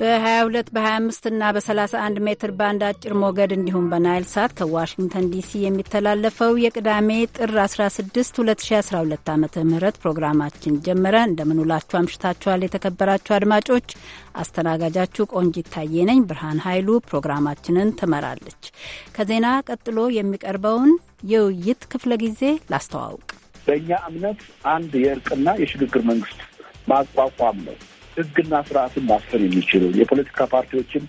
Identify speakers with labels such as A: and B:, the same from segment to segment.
A: በ22 በ25 እና በ31 ሜትር ባንድ አጭር ሞገድ እንዲሁም በናይል ሳት ከዋሽንግተን ዲሲ የሚተላለፈው የቅዳሜ ጥር 16 2012 ዓ ም ፕሮግራማችን ጀመረ። እንደምንውላችሁ አምሽታችኋል። የተከበራችሁ አድማጮች አስተናጋጃችሁ ቆንጅ ታዬ ነኝ። ብርሃን ኃይሉ ፕሮግራማችንን ትመራለች። ከዜና ቀጥሎ የሚቀርበውን የውይይት ክፍለ ጊዜ ላስተዋውቅ።
B: በእኛ እምነት አንድ የእርቅና የሽግግር መንግስት ማቋቋም ነው። ህግና ስርዓትን ማስፈን የሚችሉ የፖለቲካ ፓርቲዎችን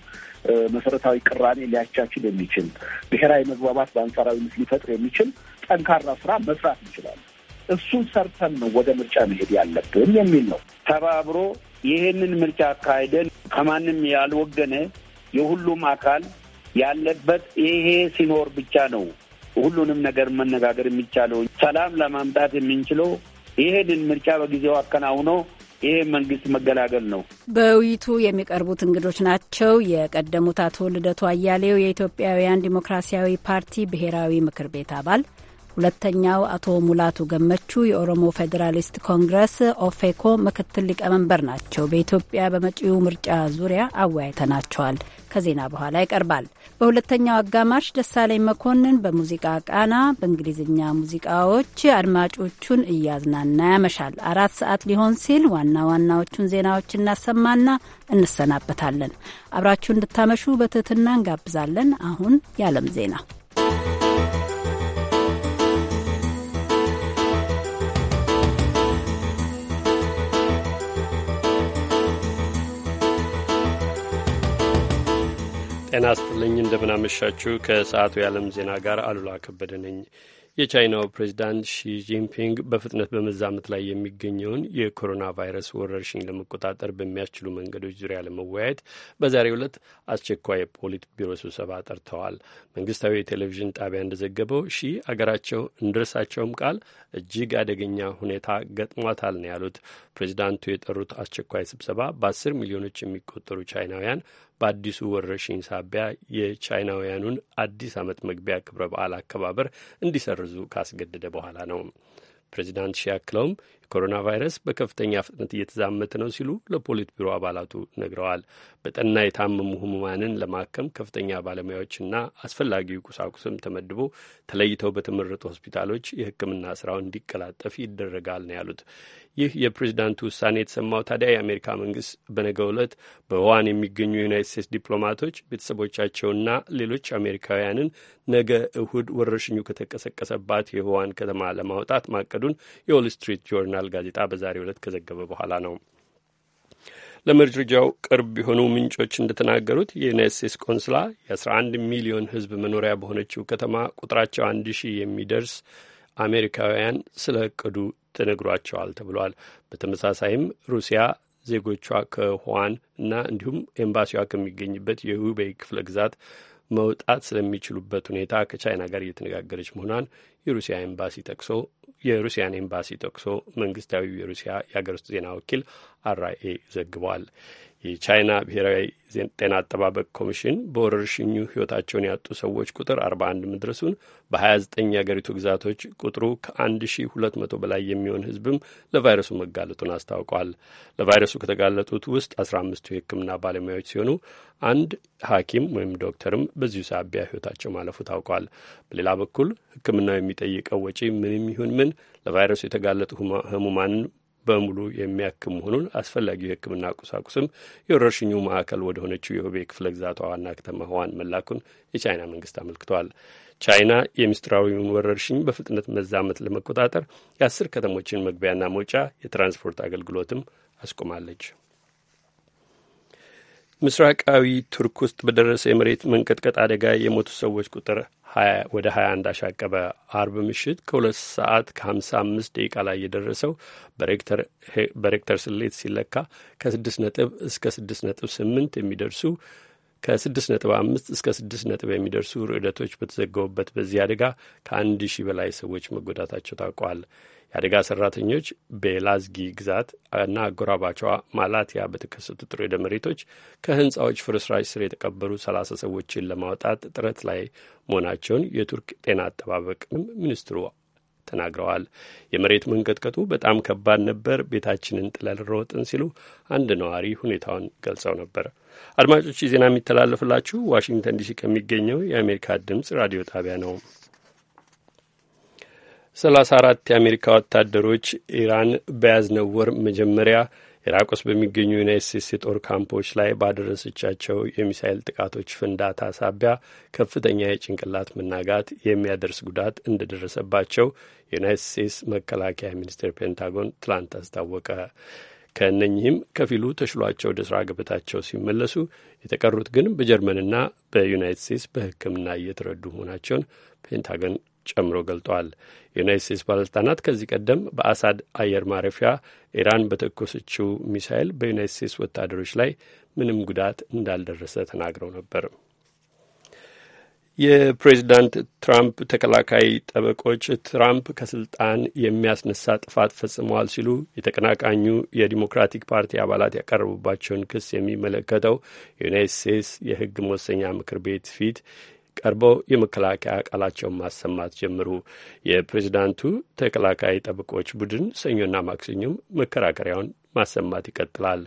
B: መሰረታዊ ቅራኔ ሊያቻችል የሚችል ብሔራዊ መግባባት በአንጻራዊነት ሊፈጥር የሚችል ጠንካራ ስራ መስራት እንችላለን። እሱን ሰርተን ነው ወደ ምርጫ መሄድ ያለብን የሚል ነው። ተባብሮ ይህንን ምርጫ አካሄደን ከማንም ያልወገነ የሁሉም አካል ያለበት ይሄ ሲኖር ብቻ ነው ሁሉንም ነገር መነጋገር የሚቻለው። ሰላም ለማምጣት የምንችለው ይህንን ምርጫ በጊዜው አከናውኖ ይሄ መንግስት መገላገል ነው።
A: በውይይቱ የሚቀርቡት እንግዶች ናቸው። የቀደሙት አቶ ልደቱ አያሌው የኢትዮጵያውያን ዲሞክራሲያዊ ፓርቲ ብሔራዊ ምክር ቤት አባል ሁለተኛው አቶ ሙላቱ ገመቹ የኦሮሞ ፌዴራሊስት ኮንግረስ ኦፌኮ ምክትል ሊቀመንበር ናቸው። በኢትዮጵያ በመጪው ምርጫ ዙሪያ አወያይተናቸዋል። ከዜና በኋላ ይቀርባል። በሁለተኛው አጋማሽ ደሳለኝ መኮንን በሙዚቃ ቃና በእንግሊዝኛ ሙዚቃዎች አድማጮቹን እያዝናና ያመሻል። አራት ሰዓት ሊሆን ሲል ዋና ዋናዎቹን ዜናዎች እናሰማና እንሰናበታለን። አብራችሁ እንድታመሹ በትህትና እንጋብዛለን። አሁን የዓለም ዜና
C: ጤና ስጥልኝ። እንደምናመሻችሁ ከሰዓቱ የዓለም ዜና ጋር አሉላ ከበደ ነኝ። የቻይናው ፕሬዚዳንት ሺጂንፒንግ በፍጥነት በመዛመት ላይ የሚገኘውን የኮሮና ቫይረስ ወረርሽኝ ለመቆጣጠር በሚያስችሉ መንገዶች ዙሪያ ለመወያየት በዛሬው ዕለት አስቸኳይ የፖሊት ቢሮ ስብሰባ ጠርተዋል። መንግስታዊ የቴሌቪዥን ጣቢያ እንደዘገበው ሺ አገራቸው እንደርሳቸውም ቃል እጅግ አደገኛ ሁኔታ ገጥሟታል ነው ያሉት። ፕሬዚዳንቱ የጠሩት አስቸኳይ ስብሰባ በአስር ሚሊዮኖች የሚቆጠሩ ቻይናውያን በአዲሱ ወረርሽኝ ሳቢያ የቻይናውያኑን አዲስ ዓመት መግቢያ ክብረ በዓል አከባበር እንዲሰርዙ ካስገደደ በኋላ ነው። ፕሬዚዳንት ሺ አክለውም ኮሮና ቫይረስ በከፍተኛ ፍጥነት እየተዛመተ ነው ሲሉ ለፖሊት ቢሮ አባላቱ ነግረዋል። በጠና የታመሙ ህሙማንን ለማከም ከፍተኛ ባለሙያዎችና አስፈላጊው ቁሳቁስም ተመድቦ ተለይተው በተመረጡ ሆስፒታሎች የሕክምና ስራው እንዲቀላጠፍ ይደረጋል ነው ያሉት። ይህ የፕሬዚዳንቱ ውሳኔ የተሰማው ታዲያ የአሜሪካ መንግስት በነገው ዕለት በውሃን የሚገኙ የዩናይት ስቴትስ ዲፕሎማቶች ቤተሰቦቻቸውና ሌሎች አሜሪካውያንን ነገ እሁድ ወረርሽኙ ከተቀሰቀሰባት የውሃን ከተማ ለማውጣት ማቀዱን የዎል ስትሪት ጆርናል ናሽናል ጋዜጣ በዛሬው ዕለት ከዘገበ በኋላ ነው። ለመረጃው ቅርብ የሆኑ ምንጮች እንደተናገሩት የዩናይት ስቴትስ ቆንስላ የ11 ሚሊዮን ሕዝብ መኖሪያ በሆነችው ከተማ ቁጥራቸው አንድ ሺህ የሚደርስ አሜሪካውያን ስለ እቅዱ ተነግሯቸዋል ተብሏል። በተመሳሳይም ሩሲያ ዜጎቿ ከሁዋን እና እንዲሁም ኤምባሲዋ ከሚገኝበት የሁቤይ ክፍለ ግዛት መውጣት ስለሚችሉበት ሁኔታ ከቻይና ጋር እየተነጋገረች መሆኗን የሩሲያ ኤምባሲ ጠቅሶ የሩሲያን ኤምባሲ ጠቅሶ መንግስታዊ የሩሲያ የሀገር ውስጥ ዜና ወኪል አራኤ ዘግቧል። የቻይና ብሔራዊ ጤና አጠባበቅ ኮሚሽን በወረርሽኙ ሕይወታቸውን ያጡ ሰዎች ቁጥር 41 መድረሱን በ29 የአገሪቱ ግዛቶች ቁጥሩ ከ1200 በላይ የሚሆን ሕዝብም ለቫይረሱ መጋለጡን አስታውቋል። ለቫይረሱ ከተጋለጡት ውስጥ 15ቱ የሕክምና ባለሙያዎች ሲሆኑ አንድ ሐኪም ወይም ዶክተርም በዚሁ ሳቢያ ሕይወታቸው ማለፉ ታውቋል። በሌላ በኩል ሕክምናው የሚጠይቀው ወጪ ምንም ይሁን ምን ለቫይረሱ የተጋለጡ ህሙማንን በሙሉ የሚያክም መሆኑን አስፈላጊው የሕክምና ቁሳቁስም የወረርሽኙ ማዕከል ወደ ሆነችው የሁቤይ ክፍለ ግዛቷ ዋና ከተማ ህዋን መላኩን የቻይና መንግስት አመልክቷል። ቻይና የምስጢራዊውን ወረርሽኝ በፍጥነት መዛመት ለመቆጣጠር የአስር ከተሞችን መግቢያና መውጫ የትራንስፖርት አገልግሎትም አስቆማለች። ምስራቃዊ ቱርክ ውስጥ በደረሰ የመሬት መንቀጥቀጥ አደጋ የሞቱ ሰዎች ቁጥር ወደ 21 አሻቀበ። አርብ ምሽት ከሁለት ሰዓት ከ55 ደቂቃ ላይ የደረሰው በሬክተር ስሌት ሲለካ ከ6 ነጥብ እስከ 6 ነጥብ 8 የሚደርሱ ከ6.5 እስከ 6 ነጥብ የሚደርሱ ርዕደቶች በተዘገቡበት በዚህ አደጋ ከአንድ ሺህ በላይ ሰዎች መጎዳታቸው ታውቋል። የአደጋ ሰራተኞች በላዝጊ ግዛት እና አጎራባቸዋ ማላቲያ በተከሰቱት ርዕደ መሬቶች ከህንፃዎች ፍርስራሽ ስር የተቀበሩ 30 ሰዎችን ለማውጣት ጥረት ላይ መሆናቸውን የቱርክ ጤና አጠባበቅ ሚኒስትሩ ተናግረዋል። የመሬት መንቀጥቀጡ በጣም ከባድ ነበር፣ ቤታችንን ጥለን ሮጥን ሲሉ አንድ ነዋሪ ሁኔታውን ገልጸው ነበር። አድማጮች ዜና የሚተላለፍላችሁ ዋሽንግተን ዲሲ ከሚገኘው የአሜሪካ ድምጽ ራዲዮ ጣቢያ ነው። ሰላሳ አራት የአሜሪካ ወታደሮች ኢራን በያዝነው ወር መጀመሪያ ኢራቅ ውስጥ በሚገኙ ዩናይት ስቴትስ የጦር ካምፖች ላይ ባደረሰቻቸው የሚሳይል ጥቃቶች ፍንዳታ ሳቢያ ከፍተኛ የጭንቅላት መናጋት የሚያደርስ ጉዳት እንደደረሰባቸው የዩናይት ስቴትስ መከላከያ ሚኒስቴር ፔንታጎን ትላንት አስታወቀ። ከእነኚህም ከፊሉ ተሽሏቸው ወደ ስራ ገበታቸው ሲመለሱ፣ የተቀሩት ግን በጀርመንና በዩናይት ስቴትስ በሕክምና እየተረዱ መሆናቸውን ፔንታጎን ጨምሮ ገልጧል። የዩናይት ስቴትስ ባለስልጣናት ከዚህ ቀደም በአሳድ አየር ማረፊያ ኢራን በተኮሰችው ሚሳይል በዩናይት ስቴትስ ወታደሮች ላይ ምንም ጉዳት እንዳልደረሰ ተናግረው ነበር። የፕሬዚዳንት ትራምፕ ተከላካይ ጠበቆች ትራምፕ ከስልጣን የሚያስነሳ ጥፋት ፈጽመዋል ሲሉ የተቀናቃኙ የዲሞክራቲክ ፓርቲ አባላት ያቀረቡባቸውን ክስ የሚመለከተው የዩናይት ስቴትስ የሕግ መወሰኛ ምክር ቤት ፊት ቀርበው የመከላከያ ቃላቸውን ማሰማት ጀምሩ። የፕሬዚዳንቱ ተከላካይ ጠበቆች ቡድን ሰኞና ማክሰኞም መከራከሪያውን ማሰማት ይቀጥላል።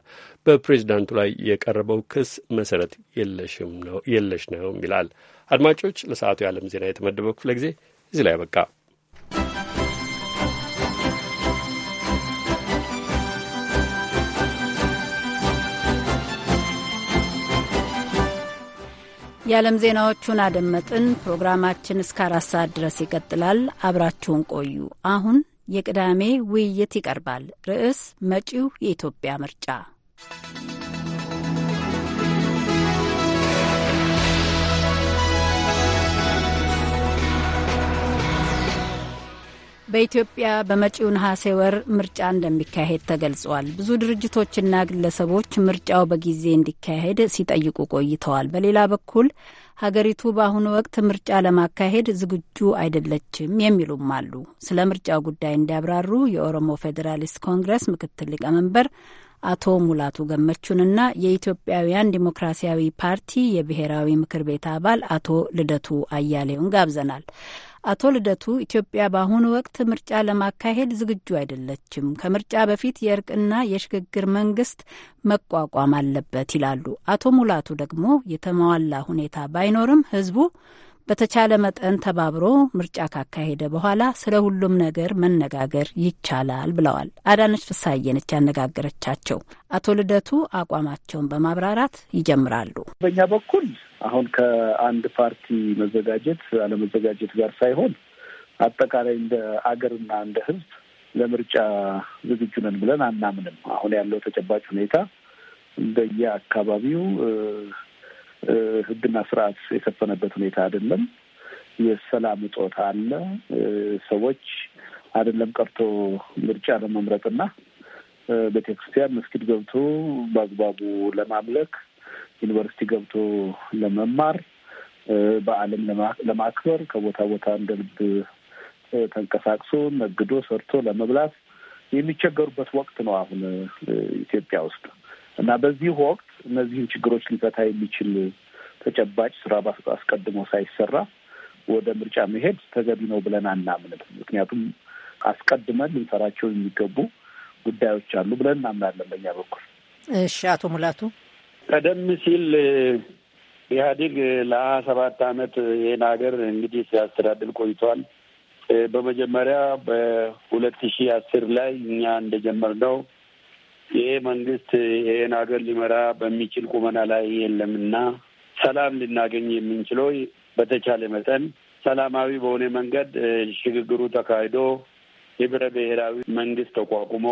C: በፕሬዚዳንቱ ላይ የቀረበው ክስ መሰረት የለሽም ነው የለሽ ነውም ይላል። አድማጮች፣ ለሰዓቱ የዓለም ዜና የተመደበው ክፍለ ጊዜ እዚህ ላይ በቃ።
A: የዓለም ዜናዎቹን አደመጥን። ፕሮግራማችን እስከ አራት ሰዓት ድረስ ይቀጥላል። አብራችሁን ቆዩ። አሁን የቅዳሜ ውይይት ይቀርባል። ርዕስ መጪው የኢትዮጵያ ምርጫ በኢትዮጵያ በመጪው ነሐሴ ወር ምርጫ እንደሚካሄድ ተገልጿል። ብዙ ድርጅቶችና ግለሰቦች ምርጫው በጊዜ እንዲካሄድ ሲጠይቁ ቆይተዋል። በሌላ በኩል ሀገሪቱ በአሁኑ ወቅት ምርጫ ለማካሄድ ዝግጁ አይደለችም የሚሉም አሉ። ስለ ምርጫው ጉዳይ እንዲያብራሩ የኦሮሞ ፌዴራሊስት ኮንግረስ ምክትል ሊቀመንበር አቶ ሙላቱ ገመቹንና የኢትዮጵያውያን ዲሞክራሲያዊ ፓርቲ የብሔራዊ ምክር ቤት አባል አቶ ልደቱ አያሌውን ጋብዘናል። አቶ ልደቱ ኢትዮጵያ በአሁኑ ወቅት ምርጫ ለማካሄድ ዝግጁ አይደለችም፣ ከምርጫ በፊት የእርቅና የሽግግር መንግስት መቋቋም አለበት ይላሉ። አቶ ሙላቱ ደግሞ የተሟላ ሁኔታ ባይኖርም ህዝቡ በተቻለ መጠን ተባብሮ ምርጫ ካካሄደ በኋላ ስለ ሁሉም ነገር መነጋገር ይቻላል ብለዋል። አዳነች ፍሳዬ ነች
B: ያነጋገረቻቸው።
A: አቶ ልደቱ አቋማቸውን በማብራራት ይጀምራሉ።
B: በእኛ በኩል አሁን ከአንድ ፓርቲ መዘጋጀት አለመዘጋጀት ጋር ሳይሆን አጠቃላይ እንደ አገርና እንደ ሕዝብ ለምርጫ ዝግጁ ነን ብለን አናምንም። አሁን ያለው ተጨባጭ ሁኔታ በየአካባቢው ህግና ስርዓት የሰፈነበት ሁኔታ አይደለም። የሰላም እጦት አለ። ሰዎች አይደለም ቀርቶ ምርጫ ለመምረጥና ቤተክርስቲያን፣ መስጊድ ገብቶ በአግባቡ ለማምለክ፣ ዩኒቨርሲቲ ገብቶ ለመማር፣ በዓልን ለማክበር ከቦታ ቦታ እንደ ልብ ተንቀሳቅሶ ነግዶ ሰርቶ ለመብላት የሚቸገሩበት ወቅት ነው አሁን ኢትዮጵያ ውስጥ። እና በዚህ ወቅት እነዚህን ችግሮች ሊፈታ የሚችል ተጨባጭ ስራ አስቀድሞ ሳይሰራ ወደ ምርጫ መሄድ ተገቢ ነው ብለን አናምንም። ምክንያቱም አስቀድመን ልንሰራቸው የሚገቡ ጉዳዮች አሉ ብለን እናምናለን በእኛ በኩል።
D: እሺ፣ አቶ ሙላቱ
B: ቀደም ሲል ኢህአዴግ ለሀያ ሰባት አመት ይህን ሀገር እንግዲህ ሲያስተዳድር ቆይቷል። በመጀመሪያ በሁለት ሺህ አስር ላይ እኛ እንደጀመርነው ይሄ መንግስት ይሄን ሀገር ሊመራ በሚችል ቁመና ላይ የለምና ሰላም ልናገኝ የምንችለው በተቻለ መጠን ሰላማዊ በሆነ መንገድ ሽግግሩ ተካሂዶ ህብረ ብሔራዊ መንግስት ተቋቁሞ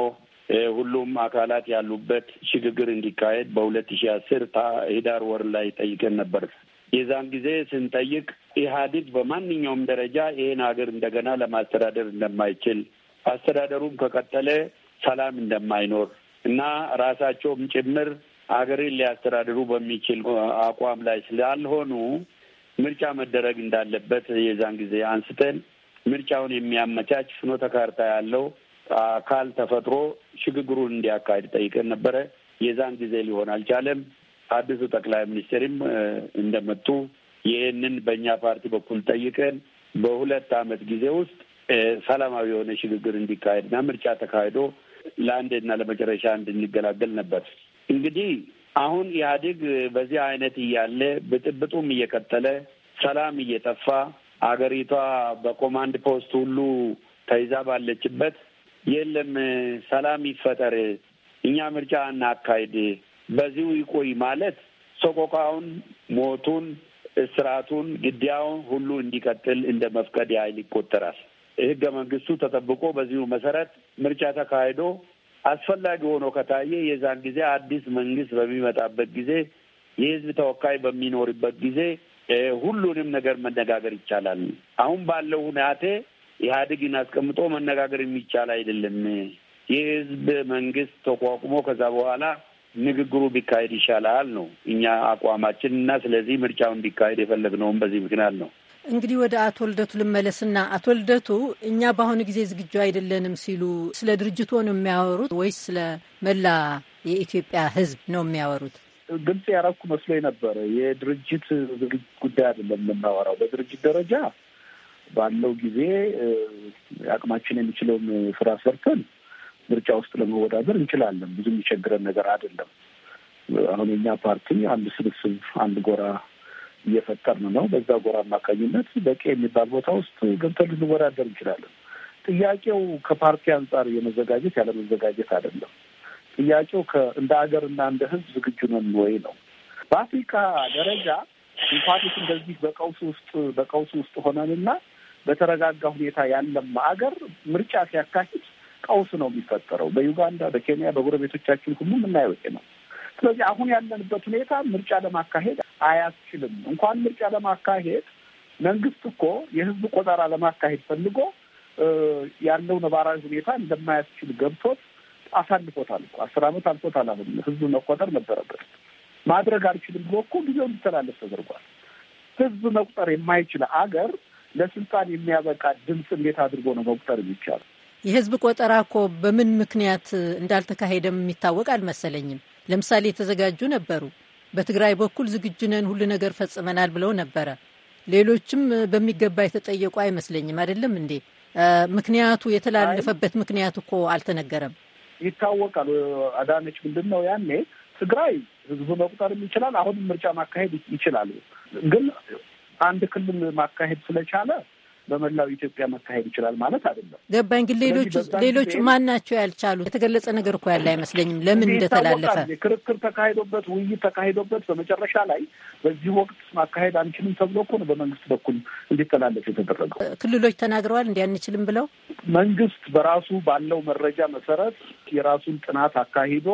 B: ሁሉም አካላት ያሉበት ሽግግር እንዲካሄድ በሁለት ሺ አስር ህዳር ወር ላይ ጠይቀን ነበር። የዛን ጊዜ ስንጠይቅ ኢህአዴግ በማንኛውም ደረጃ ይህን ሀገር እንደገና ለማስተዳደር እንደማይችል አስተዳደሩም ከቀጠለ ሰላም እንደማይኖር እና ራሳቸውም ጭምር አገሬን ሊያስተዳድሩ በሚችል አቋም ላይ ስላልሆኑ ምርጫ መደረግ እንዳለበት የዛን ጊዜ አንስተን ምርጫውን የሚያመቻች ፍኖተ ካርታ ያለው አካል ተፈጥሮ ሽግግሩን እንዲያካሄድ ጠይቀን ነበረ። የዛን ጊዜ ሊሆን አልቻለም። አዲሱ ጠቅላይ ሚኒስትርም እንደመጡ ይህንን በእኛ ፓርቲ በኩል ጠይቀን በሁለት ዓመት ጊዜ ውስጥ ሰላማዊ የሆነ ሽግግር እንዲካሄድና ምርጫ ተካሂዶ ለአንዴና ለመጨረሻ እንድንገላገል ነበር። እንግዲህ አሁን ኢህአዴግ በዚህ አይነት እያለ ብጥብጡም እየቀጠለ ሰላም እየጠፋ አገሪቷ በኮማንድ ፖስት ሁሉ ተይዛ ባለችበት የለም ሰላም ይፈጠር፣ እኛ ምርጫ እናካሄድ በዚሁ ይቆይ ማለት ሰቆቃውን፣ ሞቱን፣ እስራቱን፣ ግድያውን ሁሉ እንዲቀጥል እንደ መፍቀድ ያህል ይቆጠራል። የህገ መንግስቱ ተጠብቆ በዚሁ መሰረት ምርጫ ተካሂዶ አስፈላጊ ሆኖ ከታየ የዛን ጊዜ አዲስ መንግስት በሚመጣበት ጊዜ የህዝብ ተወካይ በሚኖርበት ጊዜ ሁሉንም ነገር መነጋገር ይቻላል። አሁን ባለው ሁናቴ ኢህአዴግን አስቀምጦ መነጋገር የሚቻል አይደለም። የህዝብ መንግስት ተቋቁሞ ከዛ በኋላ ንግግሩ ቢካሄድ ይሻላል ነው እኛ አቋማችን እና ስለዚህ ምርጫው እንዲካሄድ የፈለግነውም በዚህ ምክንያት ነው።
D: እንግዲህ ወደ አቶ ልደቱ ልመለስና አቶ ልደቱ እኛ በአሁኑ ጊዜ ዝግጁ አይደለንም ሲሉ ስለ ድርጅቱ ነው የሚያወሩት ወይስ ስለ መላ የኢትዮጵያ ሕዝብ ነው የሚያወሩት?
B: ግልጽ ያረኩ መስሎ ነበረ። የድርጅት ዝግጅት ጉዳይ አይደለም የምናወራው። በድርጅት ደረጃ ባለው ጊዜ አቅማችን የሚችለውን ስራ ሰርተን ምርጫ ውስጥ ለመወዳደር እንችላለን። ብዙ የሚቸግረን ነገር አይደለም። አሁን የኛ ፓርቲ አንድ ስብስብ አንድ ጎራ እየፈጠርን ነው። በዛ ጎራ አማካኝነት በቂ የሚባል ቦታ ውስጥ ገብተን ልንወዳደር እንችላለን። ጥያቄው ከፓርቲ አንጻር የመዘጋጀት ያለመዘጋጀት አይደለም። ጥያቄው እንደ ሀገርና እንደ ሕዝብ ዝግጁ ነን ወይ ነው። በአፍሪካ ደረጃ ኢንፋቲክ እንደዚህ በቀውስ ውስጥ በቀውስ ውስጥ ሆነንና በተረጋጋ ሁኔታ ያለም ሀገር ምርጫ ሲያካሂድ ቀውስ ነው የሚፈጠረው። በዩጋንዳ፣ በኬንያ፣ በጎረቤቶቻችን ሁሉ የምናየው ነው። ስለዚህ አሁን ያለንበት ሁኔታ ምርጫ ለማካሄድ አያስችልም። እንኳን ምርጫ ለማካሄድ መንግስት እኮ የህዝብ ቆጠራ ለማካሄድ ፈልጎ ያለው ነባራዊ ሁኔታ እንደማያስችል ገብቶት አሳልፎታል እኮ አስር አመት አልፎታል። አሁን ህዝብ መቆጠር ነበረበት ማድረግ አልችልም ብሎ እኮ ጊዜው እንዲተላለፍ ተደርጓል። ህዝብ መቁጠር የማይችል አገር ለስልጣን የሚያበቃ ድምፅ እንዴት አድርጎ ነው መቁጠር የሚቻል?
D: የህዝብ ቆጠራ እኮ በምን ምክንያት እንዳልተካሄደም የሚታወቅ አልመሰለኝም። ለምሳሌ የተዘጋጁ ነበሩ በትግራይ በኩል ዝግጁ ነን፣ ሁሉ ነገር ፈጽመናል ብለው ነበረ። ሌሎችም በሚገባ የተጠየቁ አይመስለኝም። አይደለም እንዴ? ምክንያቱ የተላለፈበት ምክንያት እኮ አልተነገረም።
B: ይታወቃል አዳነች። ምንድን ነው ያኔ ትግራይ ህዝቡ መቁጠርም ይችላል፣ አሁንም ምርጫ ማካሄድ ይችላል። ግን አንድ ክልል ማካሄድ ስለቻለ በመላው ኢትዮጵያ መካሄድ ይችላል ማለት አይደለም።
D: ገባኝ። ግን ሌሎች ሌሎች ማን ናቸው ያልቻሉ? የተገለጸ ነገር እኮ ያለ አይመስለኝም። ለምን እንደተላለፈ
B: ክርክር ተካሂዶበት፣ ውይይት ተካሂዶበት በመጨረሻ ላይ በዚህ ወቅት ማካሄድ አንችልም ተብሎ እኮ ነው በመንግስት በኩል እንዲተላለፍ የተደረገው።
D: ክልሎች ተናግረዋል እንዲህ አንችልም
B: ብለው። መንግስት በራሱ ባለው መረጃ መሰረት የራሱን ጥናት አካሂዶ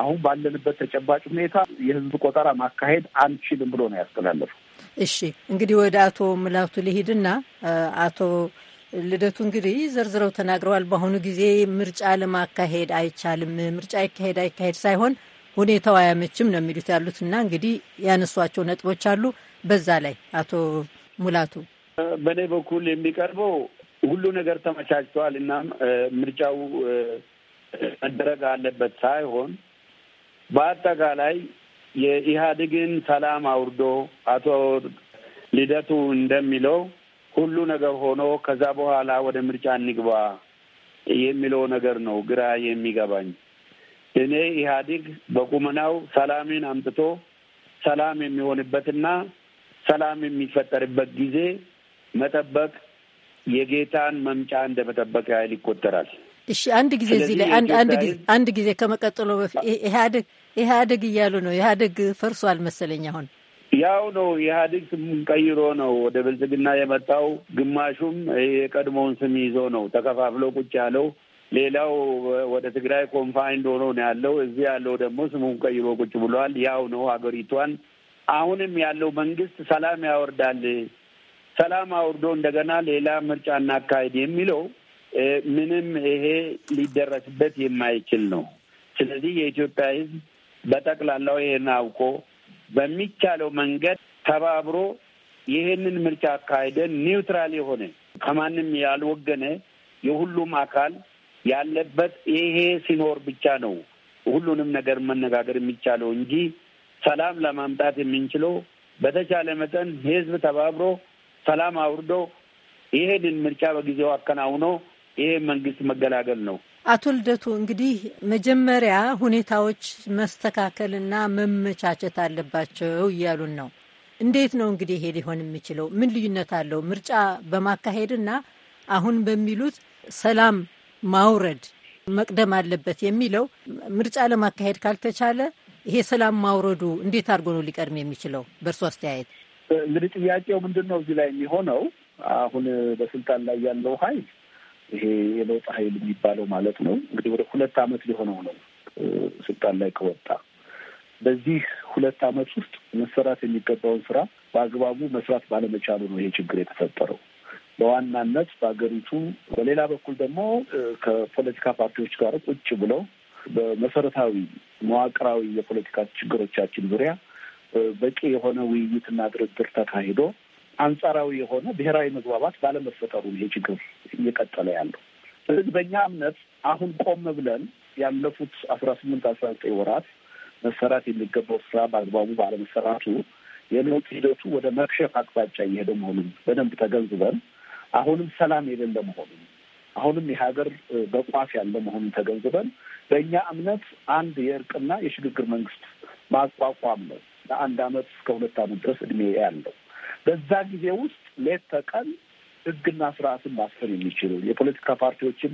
B: አሁን ባለንበት ተጨባጭ ሁኔታ የህዝብ ቆጠራ ማካሄድ አንችልም ብሎ ነው ያስተላለፈው።
D: እሺ እንግዲህ ወደ አቶ ሙላቱ ልሂድና አቶ ልደቱ እንግዲህ ዘርዝረው ተናግረዋል። በአሁኑ ጊዜ ምርጫ ለማካሄድ አይቻልም፣ ምርጫ ይካሄድ አይካሄድ ሳይሆን ሁኔታው አያመችም ነው የሚሉት ያሉትና እንግዲህ ያነሷቸው ነጥቦች አሉ። በዛ ላይ አቶ ሙላቱ
B: በእኔ በኩል የሚቀርበው ሁሉ ነገር ተመቻችተዋል እና ምርጫው መደረግ አለበት ሳይሆን በአጠቃላይ የኢህአዴግን ሰላም አውርዶ አቶ ልደቱ እንደሚለው ሁሉ ነገር ሆኖ ከዛ በኋላ ወደ ምርጫ እንግባ የሚለው ነገር ነው ግራ የሚገባኝ። እኔ ኢህአዴግ በቁመናው ሰላምን አምጥቶ ሰላም የሚሆንበትና ሰላም የሚፈጠርበት ጊዜ መጠበቅ የጌታን መምጫ እንደ መጠበቅ ያህል ይቆጠራል።
D: እሺ አንድ ጊዜ እዚህ ላይ አንድ ጊዜ አንድ ጊዜ ከመቀጠሎ በፊት ኢህአዴግ ኢህአዴግ እያሉ ነው። ኢህአዴግ ፈርሷል መሰለኝ አሁን
B: ያው ነው ኢህአዴግ ስሙን ቀይሮ ነው ወደ ብልጽግና የመጣው። ግማሹም የቀድሞውን ስም ይዞ ነው ተከፋፍሎ ቁጭ ያለው። ሌላው ወደ ትግራይ ኮንፋይንድ ሆኖ ነው ያለው። እዚህ ያለው ደግሞ ስሙን ቀይሮ ቁጭ ብሏል። ያው ነው ሀገሪቷን አሁንም ያለው መንግስት ሰላም ያወርዳል፣ ሰላም አውርዶ እንደገና ሌላ ምርጫ እናካሄድ የሚለው ምንም ይሄ ሊደረስበት የማይችል ነው። ስለዚህ የኢትዮጵያ ህዝብ በጠቅላላው ይህን አውቆ በሚቻለው መንገድ ተባብሮ ይህንን ምርጫ አካሄደን ኒውትራል የሆነ ከማንም ያልወገነ የሁሉም አካል ያለበት ይሄ ሲኖር ብቻ ነው ሁሉንም ነገር መነጋገር የሚቻለው እንጂ ሰላም ለማምጣት የምንችለው በተቻለ መጠን ህዝብ ተባብሮ ሰላም አውርዶ ይሄንን ምርጫ በጊዜው አከናውኖ ይሄ መንግስት መገላገል ነው።
D: አቶ ልደቱ እንግዲህ መጀመሪያ ሁኔታዎች መስተካከልና መመቻቸት አለባቸው እያሉን ነው። እንዴት ነው እንግዲህ ይሄ ሊሆን የሚችለው? ምን ልዩነት አለው? ምርጫ በማካሄድና አሁን በሚሉት ሰላም ማውረድ መቅደም አለበት የሚለው ምርጫ ለማካሄድ ካልተቻለ ይሄ ሰላም ማውረዱ እንዴት አድርጎ ነው ሊቀድም የሚችለው? በእርሶ አስተያየት
B: እንግዲህ ጥያቄው ምንድን ነው እዚህ ላይ የሚሆነው? አሁን በስልጣን ላይ ያለው ኃይል ይሄ የለውጥ ኃይል የሚባለው ማለት ነው እንግዲህ ወደ ሁለት ዓመት ሊሆነው ነው ስልጣን ላይ ከወጣ። በዚህ ሁለት ዓመት ውስጥ መሰራት የሚገባውን ስራ በአግባቡ መስራት ባለመቻሉ ነው ይሄ ችግር የተፈጠረው በዋናነት በሀገሪቱ። በሌላ በኩል ደግሞ ከፖለቲካ ፓርቲዎች ጋር ቁጭ ብለው በመሰረታዊ መዋቅራዊ የፖለቲካ ችግሮቻችን ዙሪያ በቂ የሆነ ውይይትና ድርድር ተካሂዶ አንጻራዊ የሆነ ብሔራዊ መግባባት ባለመፈጠሩ ይሄ ችግር እየቀጠለ ያለው። ስለዚህ በእኛ እምነት አሁን ቆም ብለን ያለፉት አስራ ስምንት አስራ ዘጠኝ ወራት መሰራት የሚገባው ስራ በአግባቡ ባለመሰራቱ የለውጥ ሂደቱ ወደ መክሸፍ አቅጣጫ እየሄደ መሆኑን በደንብ ተገንዝበን አሁንም ሰላም የሌለ መሆኑን አሁንም የሀገር በቋፍ ያለ መሆኑን ተገንዝበን በእኛ እምነት አንድ የእርቅና የሽግግር መንግስት ማቋቋም ነው። ለአንድ አመት እስከ ሁለት አመት ድረስ እድሜ ያለው በዛ ጊዜ ውስጥ ሌት ተቀን ህግና ስርዓትን ማስፈን የሚችሉ የፖለቲካ ፓርቲዎችን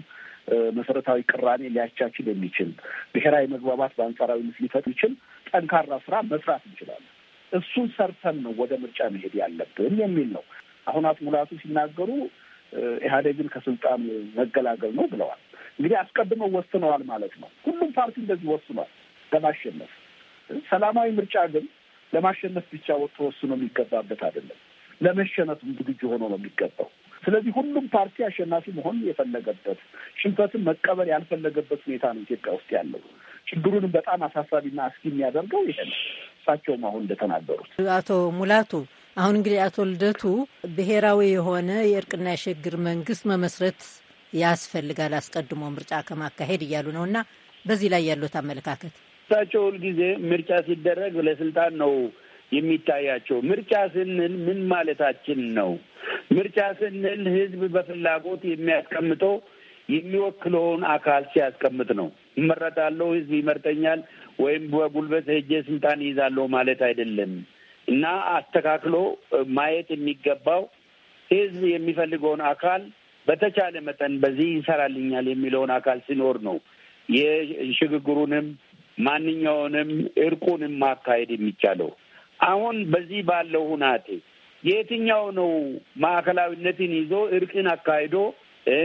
B: መሰረታዊ ቅራኔ ሊያቻችል የሚችል ብሔራዊ መግባባት በአንጻራዊነት ሊፈጥ ይችል ጠንካራ ስራ መስራት እንችላለን። እሱን ሰርተን ነው ወደ ምርጫ መሄድ ያለብን የሚል ነው። አሁን አቶ ሙላቱ ሲናገሩ ኢህአዴግን ከስልጣን መገላገል ነው ብለዋል። እንግዲህ አስቀድመው ወስነዋል ማለት ነው። ሁሉም ፓርቲ እንደዚህ ወስኗል ለማሸነፍ። ሰላማዊ ምርጫ ግን ለማሸነፍ ብቻ ወጥቶ ወስኖ የሚገባበት አይደለም። ለመሸነፍም ዝግጁ ሆኖ ነው የሚገባው። ስለዚህ ሁሉም ፓርቲ አሸናፊ መሆን የፈለገበት ሽንፈትን መቀበል ያልፈለገበት ሁኔታ ነው ኢትዮጵያ ውስጥ ያለው። ችግሩንም በጣም አሳሳቢና አስጊ የሚያደርገው ይሄ ነው። እሳቸውም አሁን እንደተናገሩት
D: አቶ ሙላቱ አሁን እንግዲህ አቶ ልደቱ ብሔራዊ የሆነ የእርቅና የሽግግር መንግስት መመስረት ያስፈልጋል አስቀድሞ ምርጫ ከማካሄድ እያሉ ነው እና በዚህ ላይ ያሉት አመለካከት
B: እሳቸው ሁልጊዜ ምርጫ ሲደረግ ለስልጣን ነው የሚታያቸው። ምርጫ ስንል ምን ማለታችን ነው? ምርጫ ስንል ህዝብ በፍላጎት የሚያስቀምጠው የሚወክለውን አካል ሲያስቀምጥ ነው። እመረጣለሁ፣ ህዝብ ይመርጠኛል፣ ወይም በጉልበት ሄጄ ስልጣን ይይዛለሁ ማለት አይደለም እና አስተካክሎ ማየት የሚገባው ህዝብ የሚፈልገውን አካል በተቻለ መጠን በዚህ ይሰራልኛል የሚለውን አካል ሲኖር ነው የሽግግሩንም ማንኛውንም እርቁንም ማካሄድ የሚቻለው አሁን በዚህ ባለው ሁናቴ የትኛው ነው ማዕከላዊነትን ይዞ እርቅን አካሂዶ